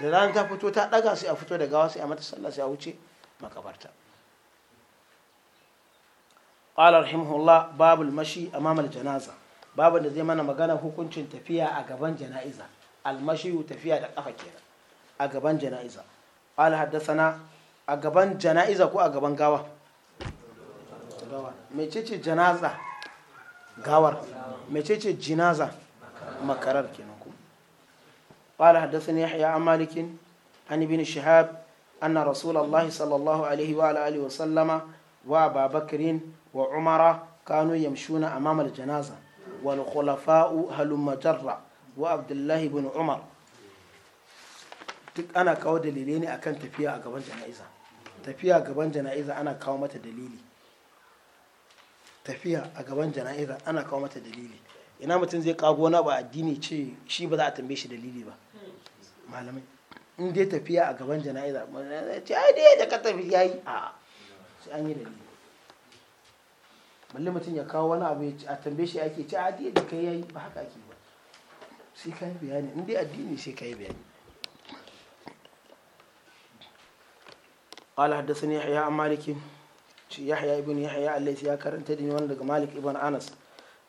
da rana ta fito ta ɗaga sai a fito da gawa sai a mata sallah sai a wuce makabarta qala rahimahullah babul mashi amamal janaza babin da zai mana magana hukuncin tafiya a gaban jana'iza almashi tafiya da kafa kenan a gaban jana'iza qala haddathana a gaban jana'iza ko a gaban gawa mecece jana'iza gawar mecece jinaza makarar kinaku ƙwala haddasa ne ya amalikin an ibi shahab an na sallallahu alaihi wa alaihi wasallama wa babakirin wa umara kanu yamshuna a mamar jana'iza wani kulafa'u wa abdullahi bin umar duk ana kawo dalilai ne akan tafiya a gaban jana'iza tafiya gaban jana'iza ana kawo mata dalili tafiya a gaban jana'iza ana kawo mata dalili ina mutum zai kago na ba addini ce shi ba za a tambaye shi dalili ba malamai in dai tafiya a gaban jana'iza ce ai dai da ka tafi yayi a sai an yi dalili balle mutum ya kawo wani abu a tambaye shi ake ce a dai da kai yayi ba haka ake ba sai kai bayani in dai addini sai kai bayani قال حدثني يحيى عن مالك يحيى ابن يحيى الذي كرنت دني وانا daga Malik ibn Anas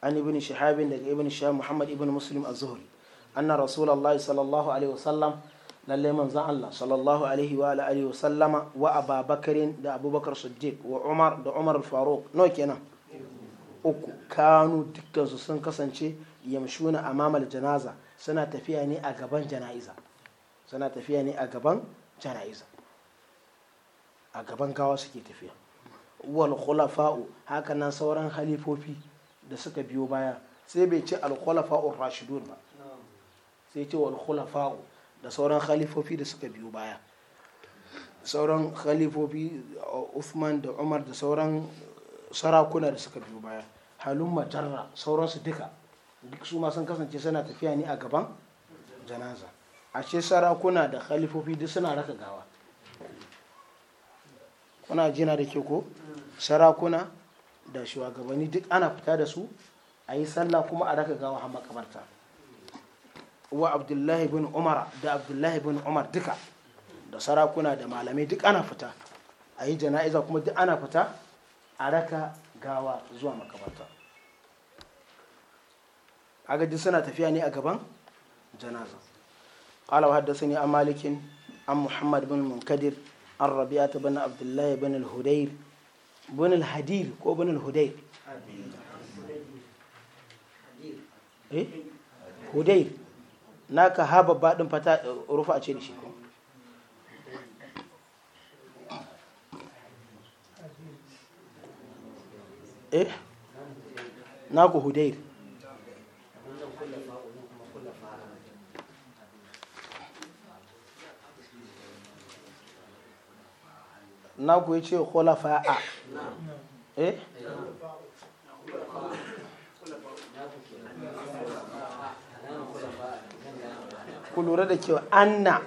an ibn Shihab daga ibn Shihab Muhammad ibn Muslim az-Zuhri anna Rasulullahi sallallahu alaihi wasallam lalle manzon Allah sallallahu alaihi wa alihi wa Ababakarin da Abubakar Siddiq wa Umar da Umar faruk nawa kenan uku kanu dukkan sun kasance yamshuna amamal janaza suna a gaban jana'iza suna tafiya ne a gaban jana'iza a gaban gawa suke tafiya wal khulafa'u haka nan sauran halifofi da suka biyo baya sai bai ce al khulafa'u rashidun ba sai ce wal khulafa'u da sauran halifofi da suka biyo baya sauran halifofi Uthman da Umar da sauran sarakuna da suka biyo baya halun majarra sauransu duka duk su ma sun kasance suna tafiya ne a gaban janaza ashe sarakuna da halifofi duk suna raka gawa kuna jina da ke ko sarakuna da shugabanni duk ana fita da su a yi sallah kuma a raka gawa makabarta wa abdullahi bin umar da abdullahi bin umar duka da sarakuna da malamai duk ana fita a yi jana'iza kuma duk ana fita a raka gawa zuwa makabarta agaji suna tafiya ne a gaban janaza قال وحدثني عن malikin an محمد بن المنكدر an rabi'atu bin abdullahi bin al-hudayr bin al-hadir ko bin al-hudayr eh hudayr naka ha babba din fata rufa a ce da shi ko eh naku hudayr na ku ce khulafa'a eh ku lura da kyau anna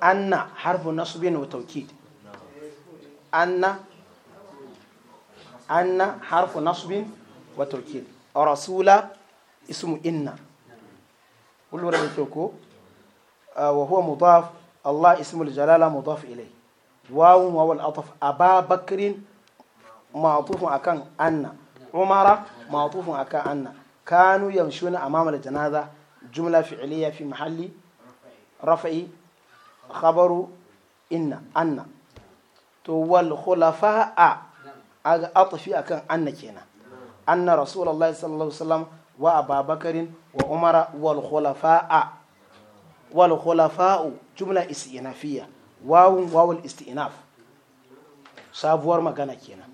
anna harfu nasbin wa tawkid anna anna harfu nasbin wa A rasula ismu inna ku lura da kyau ko ah, wa huwa mudaf Allah ismul jalala mudaf ilayh wawun wawal ataf ababakrin ma'tufun akan anna umara ma'tufun akan anna kanu yamshuna amama al-janaza jumla fi'liya fi mahalli rafai khabaru inna anna to wal khulafa aga akan anna kenan anna rasulullahi sallallahu alaihi wasallam wa ababakarin wa umara wal khulafa wal khulafa'u jumla istinafiyya wawun wawul isti'naf sabuwar magana kenan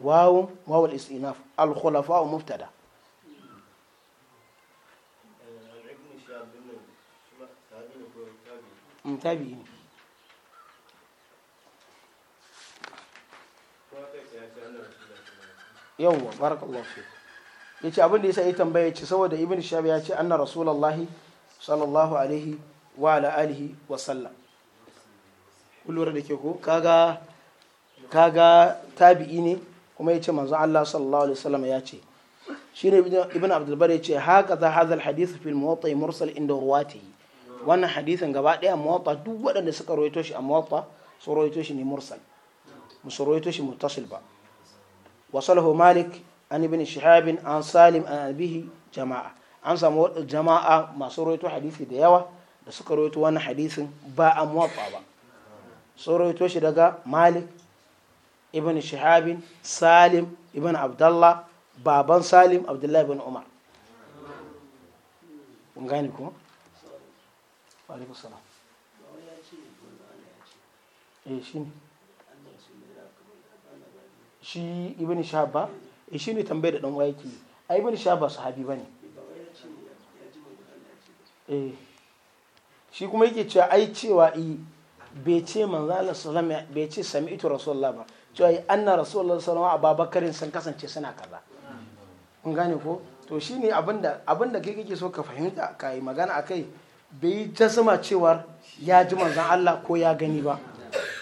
wawun wawul isti'naf al khulafa'u mubtada mm, tabi ne yawwa barakallahu fi yace abin da sa ya tambaya ce saboda ibn Shabi ya ce anna rasulallah sallallahu alaihi wa ala alihi wa sallam kullura da ke ko kaga tabi'i ne kuma yace manzon Allah sallallahu alaihi wasallam ya ce ne ibn abdul bar yace haka za hadha al hadith fi in muwatta mursal inda ruwatihi wannan hadisin gaba daya muwatta duk waɗanda suka rawaito shi a muwatta su rawaito shi ne mursal musu rawaito shi muttasil ba wasalahu malik an ibn shihab an salim an abihi jama'a an samu jama'a masu rawaito hadisi da yawa da suka rawaito wannan hadisin ba a muwatta ba tsoroito shi daga malik ibn shahabin salim ibn abdallah baban salim abdullahi ibn umar kun gani ko? alaikun salam eh shi ne shi ibn shahaba eh shi ne tambayar da ɗan waiki a ibn shahaba su sahabi ba ne eh shi kuma yake cewa ai cewa i bai ce manzala sallam bai ce ito rasulullah ba cewa anna rasulullah salam a ababakarin sun kasance suna kaza kun gane ko to shine ne abinda kai kake so ka fahimta ka yi magana a kai bai ta sama cewar ya ji manzan Allah ko ya gani ba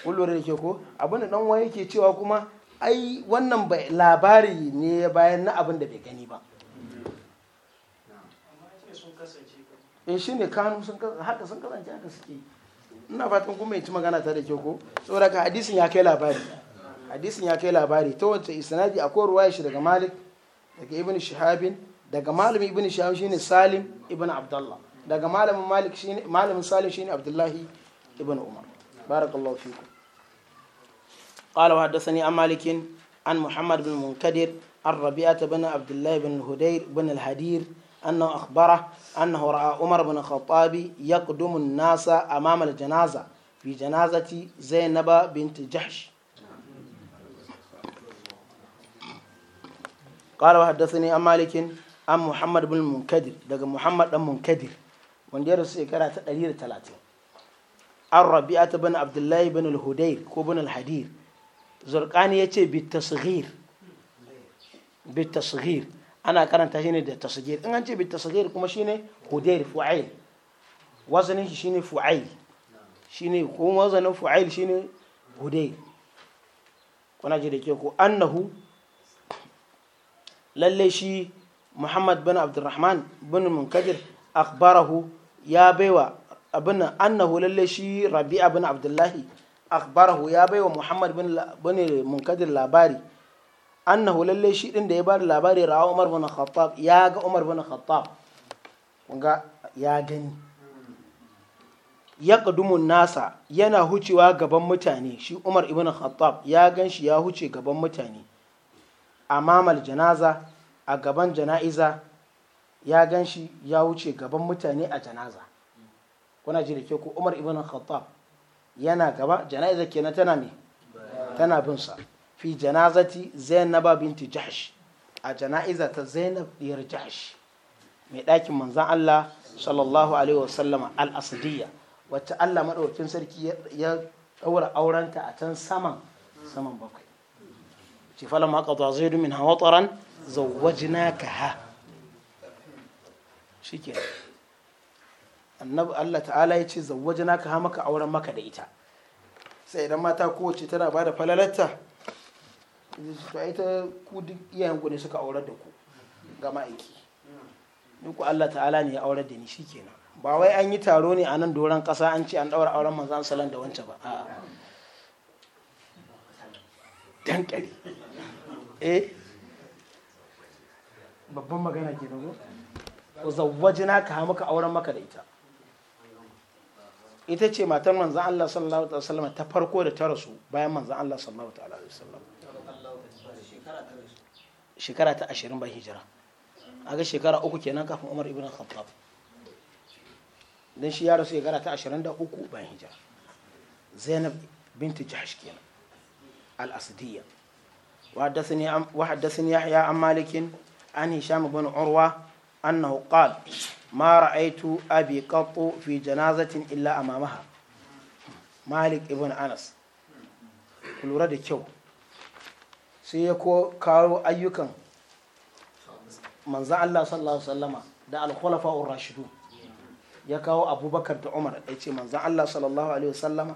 kun lura da ke ko abinda dan waye ke cewa kuma ai wannan labari ne bayan na abin da bai gani ba eh, shi ne kanu sun haka sun kasance haka suke ina fatan kuma yanci magana ta da kyau ko saboda ka hadisin ya kai labari hadisin ya kai labari ta wacce isnadi akwai ruwaya shi daga malik daga ibn shahabin daga malamin ibn shihab shine salim ibn abdullah daga malamin malik shine malamin salim shine abdullahi ibn umar barakallahu fikum قال وحدثني عن مالك عن محمد بن المنكدر عن ربيعة بن عبد الله بن الهدير بن hadir. أنه أخبره أنه رأى عمر بن الخطاب يقدم الناس أمام الجنازة في جنازة زينب بنت جحش قال وحدثني أم مالك أم محمد بن المنكدر دقى محمد بن المنكدر من دير السيكرة تقليل ثلاثين الربيعة بن عبد الله بن الهدير كو بن الحدير زرقاني يتي بالتصغير بالتصغير ana karanta shi ne da tasgir in an ce bi tasgir kuma shine hudayr fu'ail wazanin shi shine fu'ail shine ko wazanin fu'ail ne hudayr kuna ji da ke ko annahu lalle shi muhammad bin abdurrahman bin munkadir akhbarahu ya baiwa abin annahu lalle shi rabi'a bin abdullahi akhbarahu ya baiwa muhammad bin munkadir labari annahu lalle shi din da ya bada labari rawa Umar bin Khattab ya ga Umar bin Khattab kunga ya gani ya kadumun nasa yana hucewa gaban mutane shi Umar ibn Khattab ya gan shi ya huce gaban mutane amamal janaza a gaban jana'iza ya gan shi ya huce gaban mutane a janaza kuna ji da ke ku umar ibn khattab yana gaba jana'iza kenan tana ne? tana bin sa fi janazati zainaba binti jahsh a jana'iza ta zainab diyar jahsh mai ɗakin manzan Allah sallallahu alaihi wasallama al-asdiyya wacce Allah maɗaukin sarki ya ɗaura aurenta a can saman saman bakwai ce falon maka zuwa zai dumin hawa tsoron zawajina ka ha shi ke annabi Allah ta'ala ya ce zawajina ka ha maka auren maka da ita sai idan mata kowace tana ba da falalarta ita ku duk iyayen ku ne suka aurar da ku ga ma'aiki ni ku Allah ta'ala ne ya aurar da ni shi kenan ba wai an yi taro ne a nan doron kasa an ce an daura auren manzan salon da wancan ba a'a dan kare eh babban magana ke nago ko zawwajina ka ha auren maka da ita ita ce matar manzan Allah sallallahu alaihi wasallam ta farko da ta rasu bayan manzan Allah sallallahu alaihi wasallam shekara ta ashirin ba hijira a ga shekara uku kenan kafin umar ibn khattab don shi ya rasu shekara ta ashirin da uku bayan hijira zainab binti jahash kenan al an وحدثني يحيى عن مالك عن هشام بن عروة أنه قال ما رأيت أبي قط في جنازة إلا أمامها مالك ابن أنس كل رد كيو sai ya kawo ayyukan manzan Allah sallallahu alaihi wasallama da alkhulafa wa rashidu ya kawo abubakar da umar ya ce manzan Allah sallallahu alaihi wasallama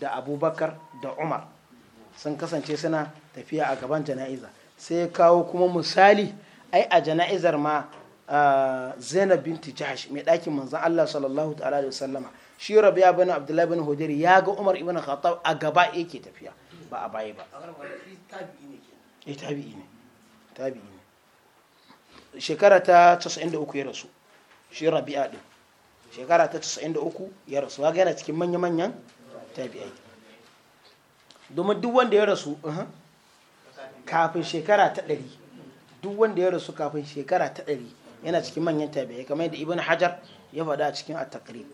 da abubakar da umar sun kasance suna tafiya a gaban jana'iza sai ya kawo kuma misali ai a jana'izar ma zainab binti jahash mai ɗakin manzan Allah sallallahu alaihi wasallama shi ya bani abdullahi bin hudayr ya ga umar ibn khattab a gaba yake tafiya ba a baye ba eh tabi'i ne tabi'i ne shekara ta 93 ya rasu shi rabi'a din shekara ta 93 ya rasu ga yana cikin manya-manyan tabi'ai domin duk wanda ya rasu uh-huh, kafin shekara ta 100 duk wanda ya rasu kafin shekara ta 100 yana cikin manyan tabi'ai kamar yadda ibn hajar ya faɗa cikin at-taqrib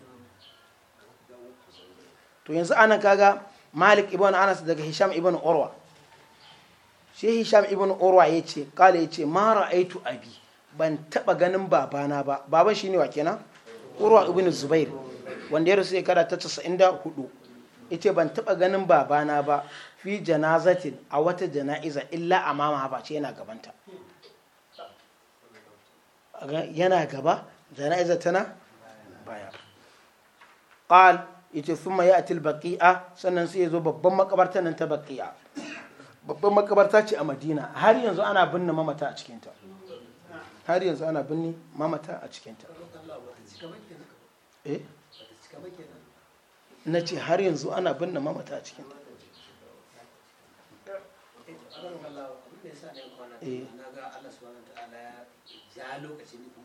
to yanzu anan kaga malik ibn anas daga hisham ibn urwa shi hisham ibn urwa ya ce kala ya ce ma ra'aitu abi ban taba ganin babana ba baban shine wa kenan urwa ibn zubair wanda ya rasu shekara ta 94 yace ban taba ganin babana ba fi janazatin a wata jana'iza illa amama ba ce yana gabanta yana gaba jana'iza tana baya yace summa atil baqi'a sannan sai ya zo babban makabarta nan ta baqi'a babban makabarta ce a Madina har yanzu ana binne mamata a cikinta har yanzu ana binne mamata a cikinta eh na ce har yanzu ana binne mamata a cikinta eh.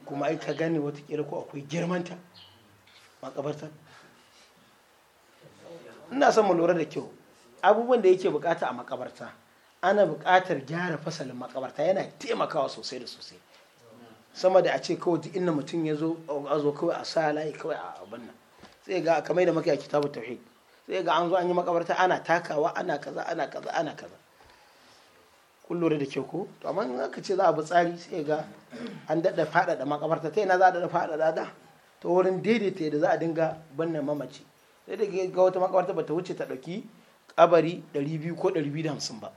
kuma ai ka gane watakila ko akwai girmanta makabartar ina son mu lura da kyau abubuwan da yake bukata a makabarta ana bukatar gyara fasalin makabarta yana taimakawa sosai da sosai sama da a ce kawai duk inda mutum ya zo a zo kawai a sa layi kawai a abin nan sai ga kamar da muka yi kitabu tauhid sai ga an zo an yi makabarta ana takawa ana kaza ana kaza ana kaza kun lura da kyau ko to amma in aka ce za a bi tsari sai ga an daɗa faɗaɗa makabarta ta yana za a daɗa faɗaɗa da ta wurin daidaita da za a dinga binne mamaci sai da ga wata ba ta wuce ta ɗauki kabari 200 ko 250 ba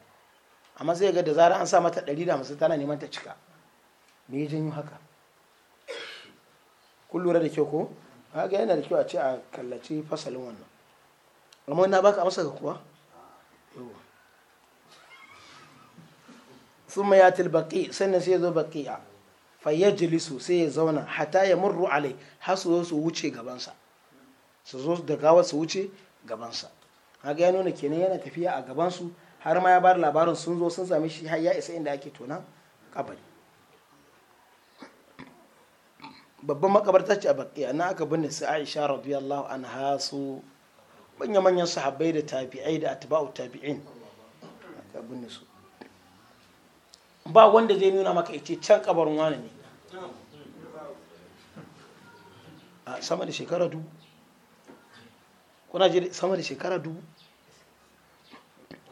amma sai ga da zarar an sa mata 150 tana neman ta cika me ya janyo haka kun lura da kyau ko haka yana da kyau a ce a kallaci fasalin wannan amma na baka amsa ga kuwa baki a fayyar jilisu sai ya zauna hata ya murru alai حسو su wuce gabansa. su zo da gawar su wuce gabansa haka ya nuna kenan yana tafiya a gabansu har ma ya bar labarin sun zo sun sami shi har ya isa inda ake tona kabari babban makabarta ce a bakiya na aka binne su aisha radiyallahu anha su manya-manyan sahabbai da tabi'ai da atba'u tabi'in aka binne su ba wanda zai nuna maka ice can kabarin wani ne a sama da shekara dubu kuna je sama da shekara dubu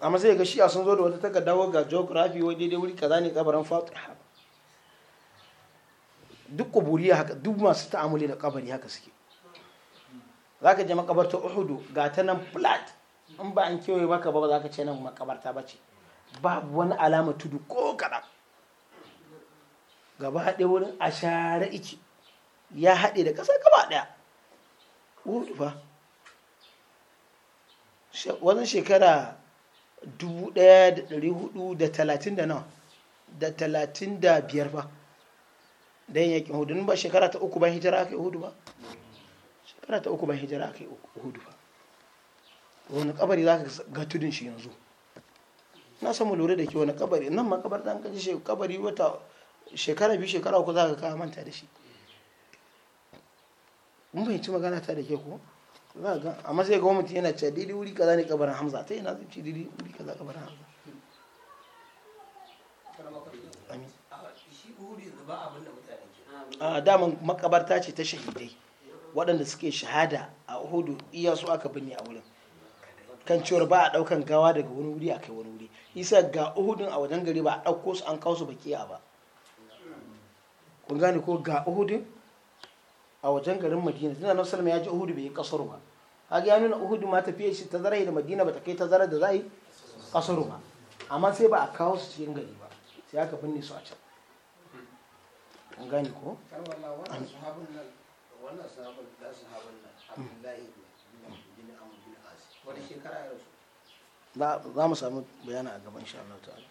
amma sai ga a sun zo da wata takarda ga geography wai daidai wuri kaza ne kabarin fatiha duk kuburiya haka duk masu ta'amuli da kabari haka suke za ka je makabarta uhudu ga ta nan flat in ba an kewaye maka ba za ka ce nan makabarta ba ce babu wani alama tudu ko kaɗan gaba haɗe wurin a share iki ya haɗe da ƙasa gaba ɗaya uhudu fa wani shekara 1435 da nawa da ba da yin yakin hudu ba shekara ta uku ban hijira aka yi hudu ba shekara ta uku ban hijira aka yi hudu ba wani kabari za ka ga tudun shi yanzu na samu lura da ke wani kabari nan ma kabar dan kaji kabari wata shekara biyu shekara uku za ka kawo manta da shi mun bai ci magana ta da ke ko za ga amma sai gwamnati yana cewa daidai wuri kaza ne kabarin hamza ta yana zai ce daidai wuri kaza kabarin hamza a daman makabarta ce ta shahidai waɗanda suke shahada a hudu iya su aka binne a wurin kan cewar ba a ɗaukan gawa daga wani wuri a kai wani wuri isa ga uhudun a wajen gari ba a ɗauko su an kawo su bakiya ba kun gane ko ga uhudun a wajen garin madina tunda annabi sallallahu ya ji uhud bai yi kasar ba haka ya nuna uhud ma tafiya shi zarai da madina ba ta kai zarar da zai yi kasar ba amma sai ba a kawo su cikin gari ba sai aka binne su a can an gane ko wannan nan wannan da nan abdullahi bin amr bin as wani shekara ya rasu za mu samu bayana a gaban insha Allah ta'ala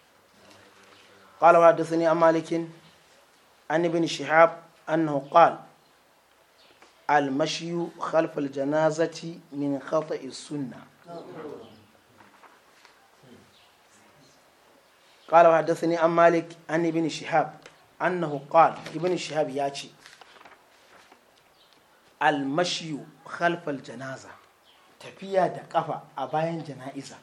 قال وحدثني عن مالك عن ابن شهاب أنه قال almashiyu khalfal janazati min khata'i sunna قال وحدثني عن مالك عن ابن شهاب أنه قال ابن شهاب ياتي المشي خلف الجنازة تفيا دا قفا أباين جنائزة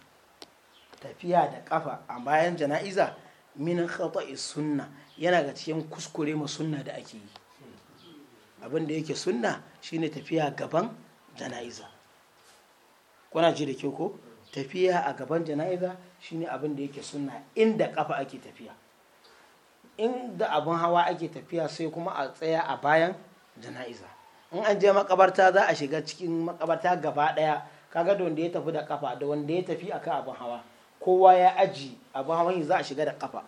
تفيا دا قفا أباين جنائزة من خطأ السنة ينغتين كسكري ما سنة دا أكيه abin da yake sunna shine tafiya gaban jana'iza kuna ji da ke ko tafiya a gaban jana'iza shine abin da yake sunna inda kafa ake tafiya inda abin hawa ake tafiya sai kuma a tsaya a bayan jana'iza in an je makabarta za a shiga cikin makabarta gaba daya kaga da wanda ya tafi da kafa da wanda ya tafi akan abin hawa kowa ya aji abin hawa za a shiga da kafa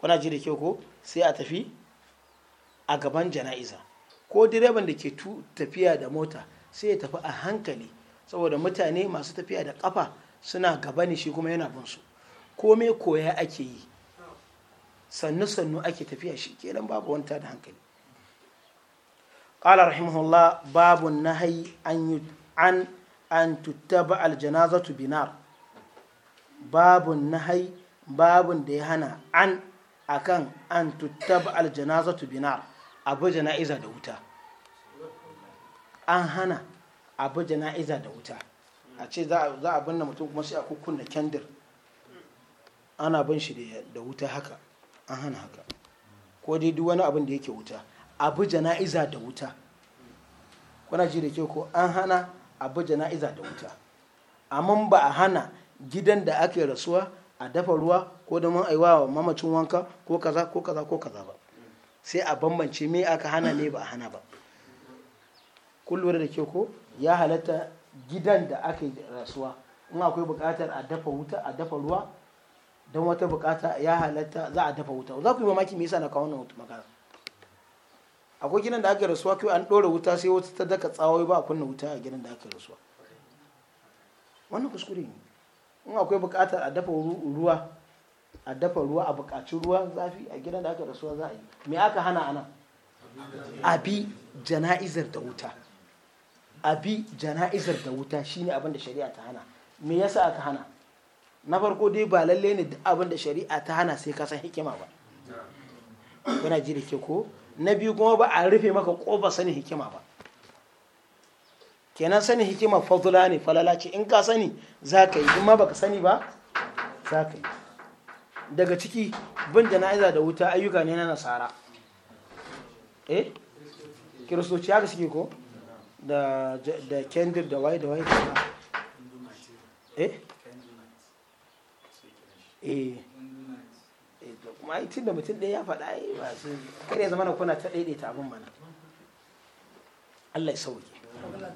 kuna ji da ke ko sai a tafi a gaban jana'iza ko direban da ke tafiya da mota sai ya tafi a hankali saboda mutane masu tafiya da kafa suna gaba ne shi kuma yana bin su komai koya ake yi sannu sannu ake tafiya shi kenan babu wanta da hankali qala rahimahullah babu na an an an tuttaba binar na hayi babun da ya hana an akan an tuttaba al janazatu binar abu jana'iza da wuta an hana abu jana'iza da wuta a ce za a binne mutum kuma sai a da kyandir ana bin shi da wuta haka an hana haka ko dai duk wani abin da yake wuta abu jana'iza da wuta kuna ji da ke ko an hana abu jana'iza da wuta amma ba a hana gidan da ake rasuwa a dafa ruwa ko mun aiwa wa mamacin wanka ko kaza ko kaza ko kaza ba sai a bambance me aka hana ne ba a hana ba kullum da ke ko ya halatta gidan da aka yi rasuwa in akwai bukatar a dafa wuta a dafa ruwa don wata bukata ya halatta za a dafa wuta za ku yi mamaki me yasa na kawo wannan magana akwai gidan da aka rasuwa kai an ɗora wuta sai wata ta daka tsawai ba a kunna wuta a gidan da aka rasuwa wannan kuskure ne in akwai bukatar a dafa ruwa a dafa ruwa a bukaci ruwa zafi a gidan da aka rasuwa za a yi me aka hana ana abi bi jana'izar da wuta a jana'izar da wuta shine abin da shari'a ta hana me yasa aka hana na farko dai ba lalle ne duk shari'a ta hana sai ka san hikima ba kuna ji da ke ko na biyu kuma ba a rufe maka kofa sani hikima ba kenan sani hikima fadula ne falala ce in ka sani za ka yi in ma baka sani ba za ka yi daga ciki bin jana'iza da wuta ayyuka ne na nasara eh kiristoci haka suke ko da da kendir da wai da wai eh eh, eh kuma yi tun da mutum ɗaya ya faɗa yi ba su kare zama na kuna ta daidaita abin mana Allah ya sauke a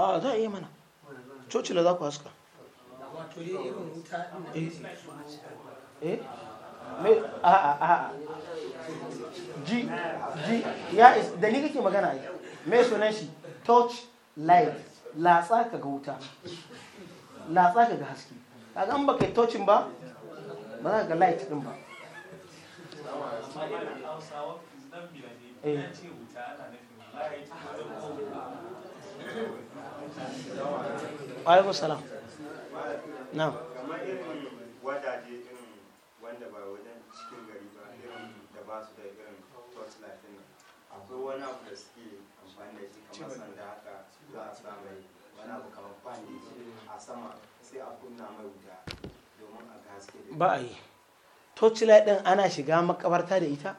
ah, za a iya mana cocila za ku haska wato dai ji ya is da ni kake magana yi mai sunan shi touch light latsa ka ga wuta latsa ka ga haske kaga an baka touchin ba ba za ka ga light din ba eh alaikum salam na kamar irin wadaje irin wanda ba wajen cikin gari ba irin da ba su da irin torchlight din akwai wani abu da suke amfani da shi kamar sanda haka za a sa mai wani abu kamar bandage a sama sai a kunna mai wuta domin a gaske da ba a yi torchlight din ana shiga makabarta da ita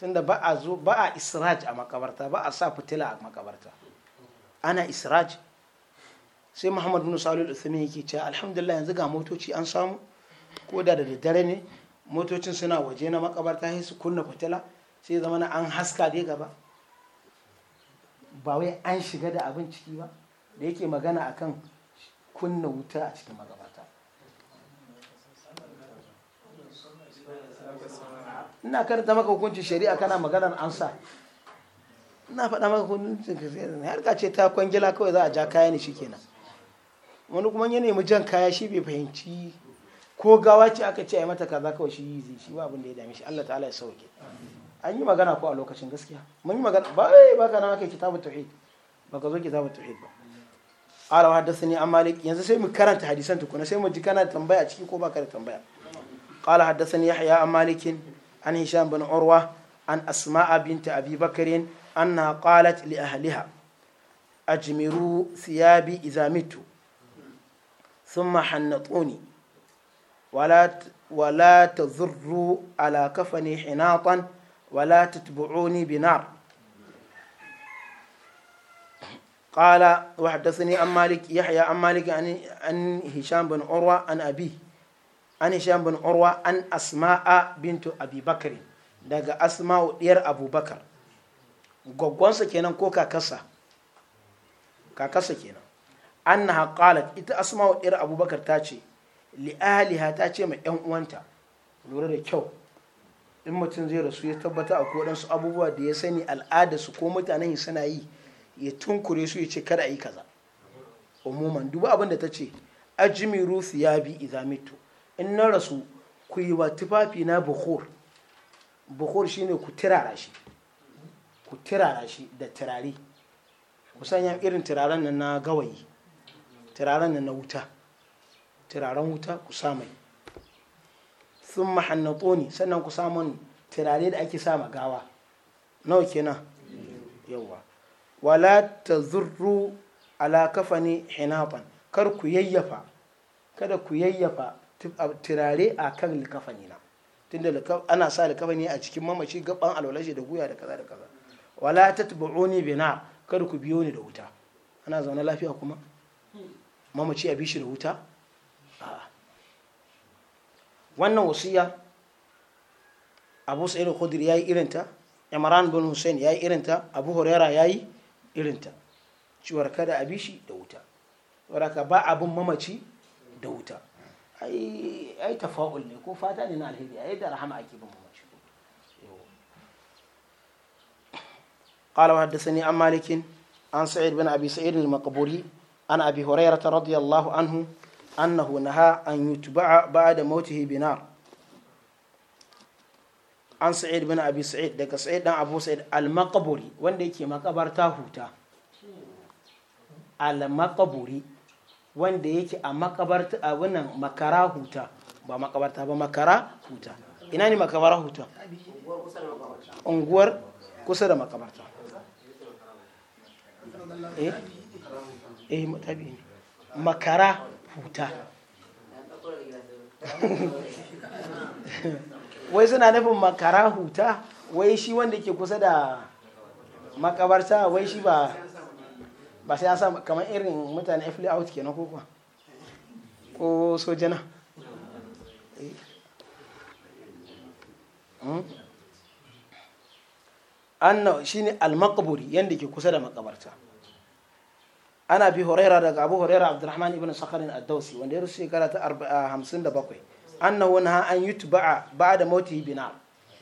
tunda ba a zo ba a israj a makabarta ba a sa fitila a makabarta ana israj sai muhammad bin salul ya yake cewa alhamdulillah yanzu ga motoci an samu ko da da daddare ne motocin suna waje na makabarta sai su kunna fitila sai zama na an haska dai gaba ba wai an shiga da abin ciki ba da yake magana akan kunna wuta a cikin makabarta ina karanta maka hukuncin shari'a kana maganar ansa ina faɗa maka hukuncin shari'a harka ce ta kwangila kawai za a ja kaya ne shikenan wani kuma ya nemi jan kaya shi bai fahimci ko gawa ce aka ce a yi mata kaza kawai shi yi shi ba abin da ya dami shi Allah ta'ala ya sauke an yi magana ko a lokacin gaskiya mun yi magana ba eh baka nan aka kitabu tauhid baka zo kitabu tauhid ba ala wa haddathani an malik yanzu sai mu karanta hadisan tukuna sai mu ji kana tambaya ciki ko baka da tambaya qala haddathani yahya an malikin an hisham bin urwa an asma'a binta abi bakr annaha qalat li ahliha ajmiru thiyabi idza mitu sun mahannatsu ne wala ta zurru ala kafa ne hinaƙon wala ta tubu'u ni binar ƙala wadda su ne an maliki yahya an malik an hisham bin urwa an abi an hisham bin urwa an asma'a bintu abubakar daga asma'u ɗiyar abubakar gwaggwansa kenan ko kakasa kakasa kenan annaha qalat ita asma'u ir abubakar tace ce li ahliha ta ce ma yan uwanta lura da kyau in mutum zai rasu ya tabbata a su abubuwa da ya sani al'ada su ko mutanen suna yi ya tunkure su ya ce kada a yi kaza umuman duba abin da ta ce ajmiru thiyabi bi mitu in na rasu ku yi wa tufafi na bukhur bukhur shine ku tirara shi ku tirara shi da tirare ku sanya irin turaren nan na gawayi turaren na wuta turaren wuta ku sa sun mahannato ne sannan ku samun turare da ake sa gawa nawa kenan yawa wala ta zurru alakafa ne hinafan kar ku yayyafa kada ku yayyafa turare a kan ne na tunda ana sa ne a cikin mamaci gaban alwalashi da guya da kaza da kaza wala ta tabu'uni bina kar ku biyo ni da wuta ana zaune lafiya kuma mamaci a bishi da wuta wannan wasiya abu sa'id al ya yi irinta emiran bin hussein yi irinta abu ya yi irinta ciwar kada a bishi da wuta waraka ba abin mamaci da wuta a yi tafa'ul ne ko fata ne na alheri yi da rahama ake bin mamaci قال وحدثني عن مالك عن سعيد بن ابي سعيد المقبوري عن أبي هريرة radiyallahu anhu annahu naha نهى أن يتبع بعد موته an sa'id سعيد بن sa'id daga sa'id dan abu sa'id al-maqburi wanda yake makabarta huta al-maqburi wanda yake a makabarta a wannan makara huta ba makabarta ba makara huta ina ne makabara huta unguwar kusa da makabarta eh matabi ne makara huta wai suna nufin makara huta wai shi wanda ke kusa da makabarta wai shi ba ba sai an sa kamar irin mutane fly out ke na kuwa ko sojana an na hmm? shi ne almakaburi yadda ke kusa da makabarta ana bi horera daga abu huraira abdurrahman ibn sakharin ad-dawsi wanda ya rusu shekara ta 57 annahu bakwai an yutba'a ba'da yi bina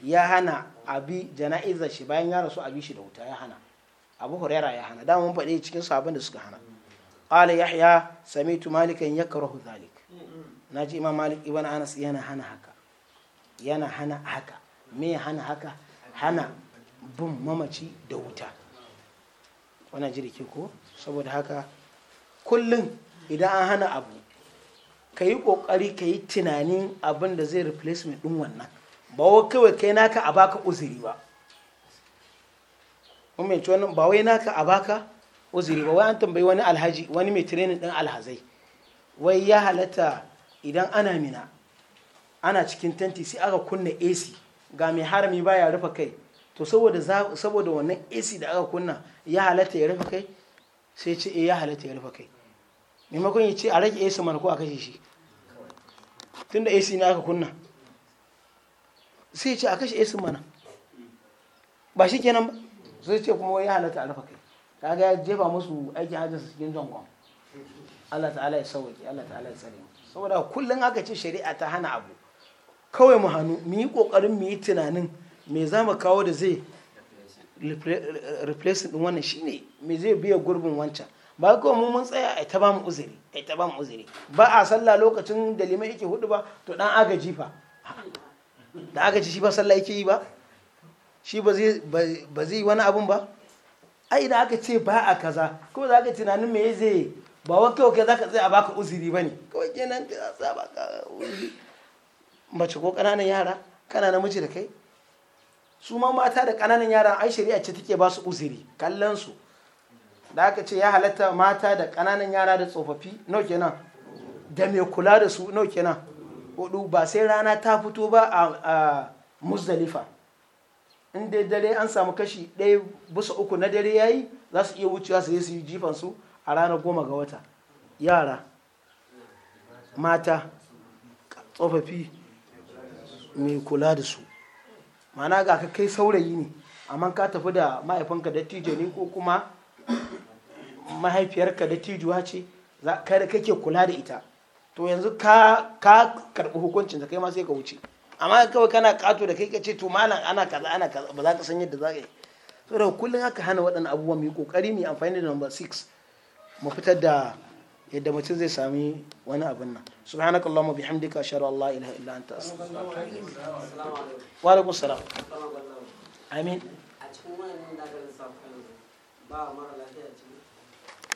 ya hana abi jana'iza shi bayan ya rasu abi shi da wuta ya hana abu horera ya hana da mun cikin sabon da suka hana qala yahya samitu malikan yakrahu dhalik naji imam malik ibn anas yana hana haka yana hana haka me hana haka hana bin mamaci da wuta wannan jirki ko saboda haka kullum idan an hana abu ka yi ƙoƙari ka yi tunanin abin da zai replacement ɗin wannan ba wa kawai kai naka a baka uzuri ba ba wai naka a baka uzuri ba wai an tambayi wani alhaji wani mai training ɗin alhazai wai ya halatta idan ana mina ana cikin tenti sai aka kunna ac ga mai harami baya rufe kai to saboda wannan ac da aka kunna ya halatta ya rufe kai sai ce e ya halatta ya rufe kai maimakon ya ce a rage esu mana ko a kashe shi tunda AC ne aka kunna sai ce a kashe esu mana ba shi kenan ba sai ce kuma ya halatta a rufa kai kaga ya jefa musu aikin hajjin su cikin zangon Allah ta'ala ya sauwaki Allah ta'ala ya tsare mu saboda kullum aka ce shari'a ta hana abu kawai mu hannu mu yi kokarin mu yi tunanin me za mu kawo da zai replacing din wannan shine me zai biya gurbin wancan ba ko mu mun tsaya ai ta ba mu uzuri ai ta ba mu uzuri ba a sallah lokacin da limai yake hudu ba to dan agaji fa da agaji shi ba sallah yake yi ba shi ba zai ba zai wani abun ba ai da aka ce ba a kaza ko za ka tunanin me zai ba wa kawai kai za ka tsaya a baka uzuri ba ne kawai kenan ka za a baka uzuri mace ko kananan yara kana namiji da kai su ma mata da ƙananan yara ai shari'a ce take ba su uzuri kallon su da aka ce ya halatta mata da kananan yara da tsofaffi nau kenan da mai kula da su nau kenan hudu ba sai rana ta fito ba a muzdalifa in dai dare an samu kashi ɗaya bisa uku na dare ya yi za su iya wucewa su je su yi jifan su a ranar goma ga wata yara mata tsofaffi mai kula da su mana ga ka kai saurayi ne amma ka tafi da mahaifinka dattijo ne ko kuma mahaifiyarka da dattijuwa ce kada kake kula da ita to yanzu ka karɓi hukuncin da kai ma sai ka wuce amma kawai kana kato da kai ka ce to malam ana kaza ana kaza ba za ka san yadda za ka yi saboda kullum haka hana waɗannan abubuwan mu yi kokari mu amfani da number 6 mu fitar da yadda mutum zai sami wani abin nan subhanakallahumma bihamdika ashhadu an la ilaha illa anta astaghfiruka wa atubu ilaik wa alaikum amin a cikin wannan ba mara lafiya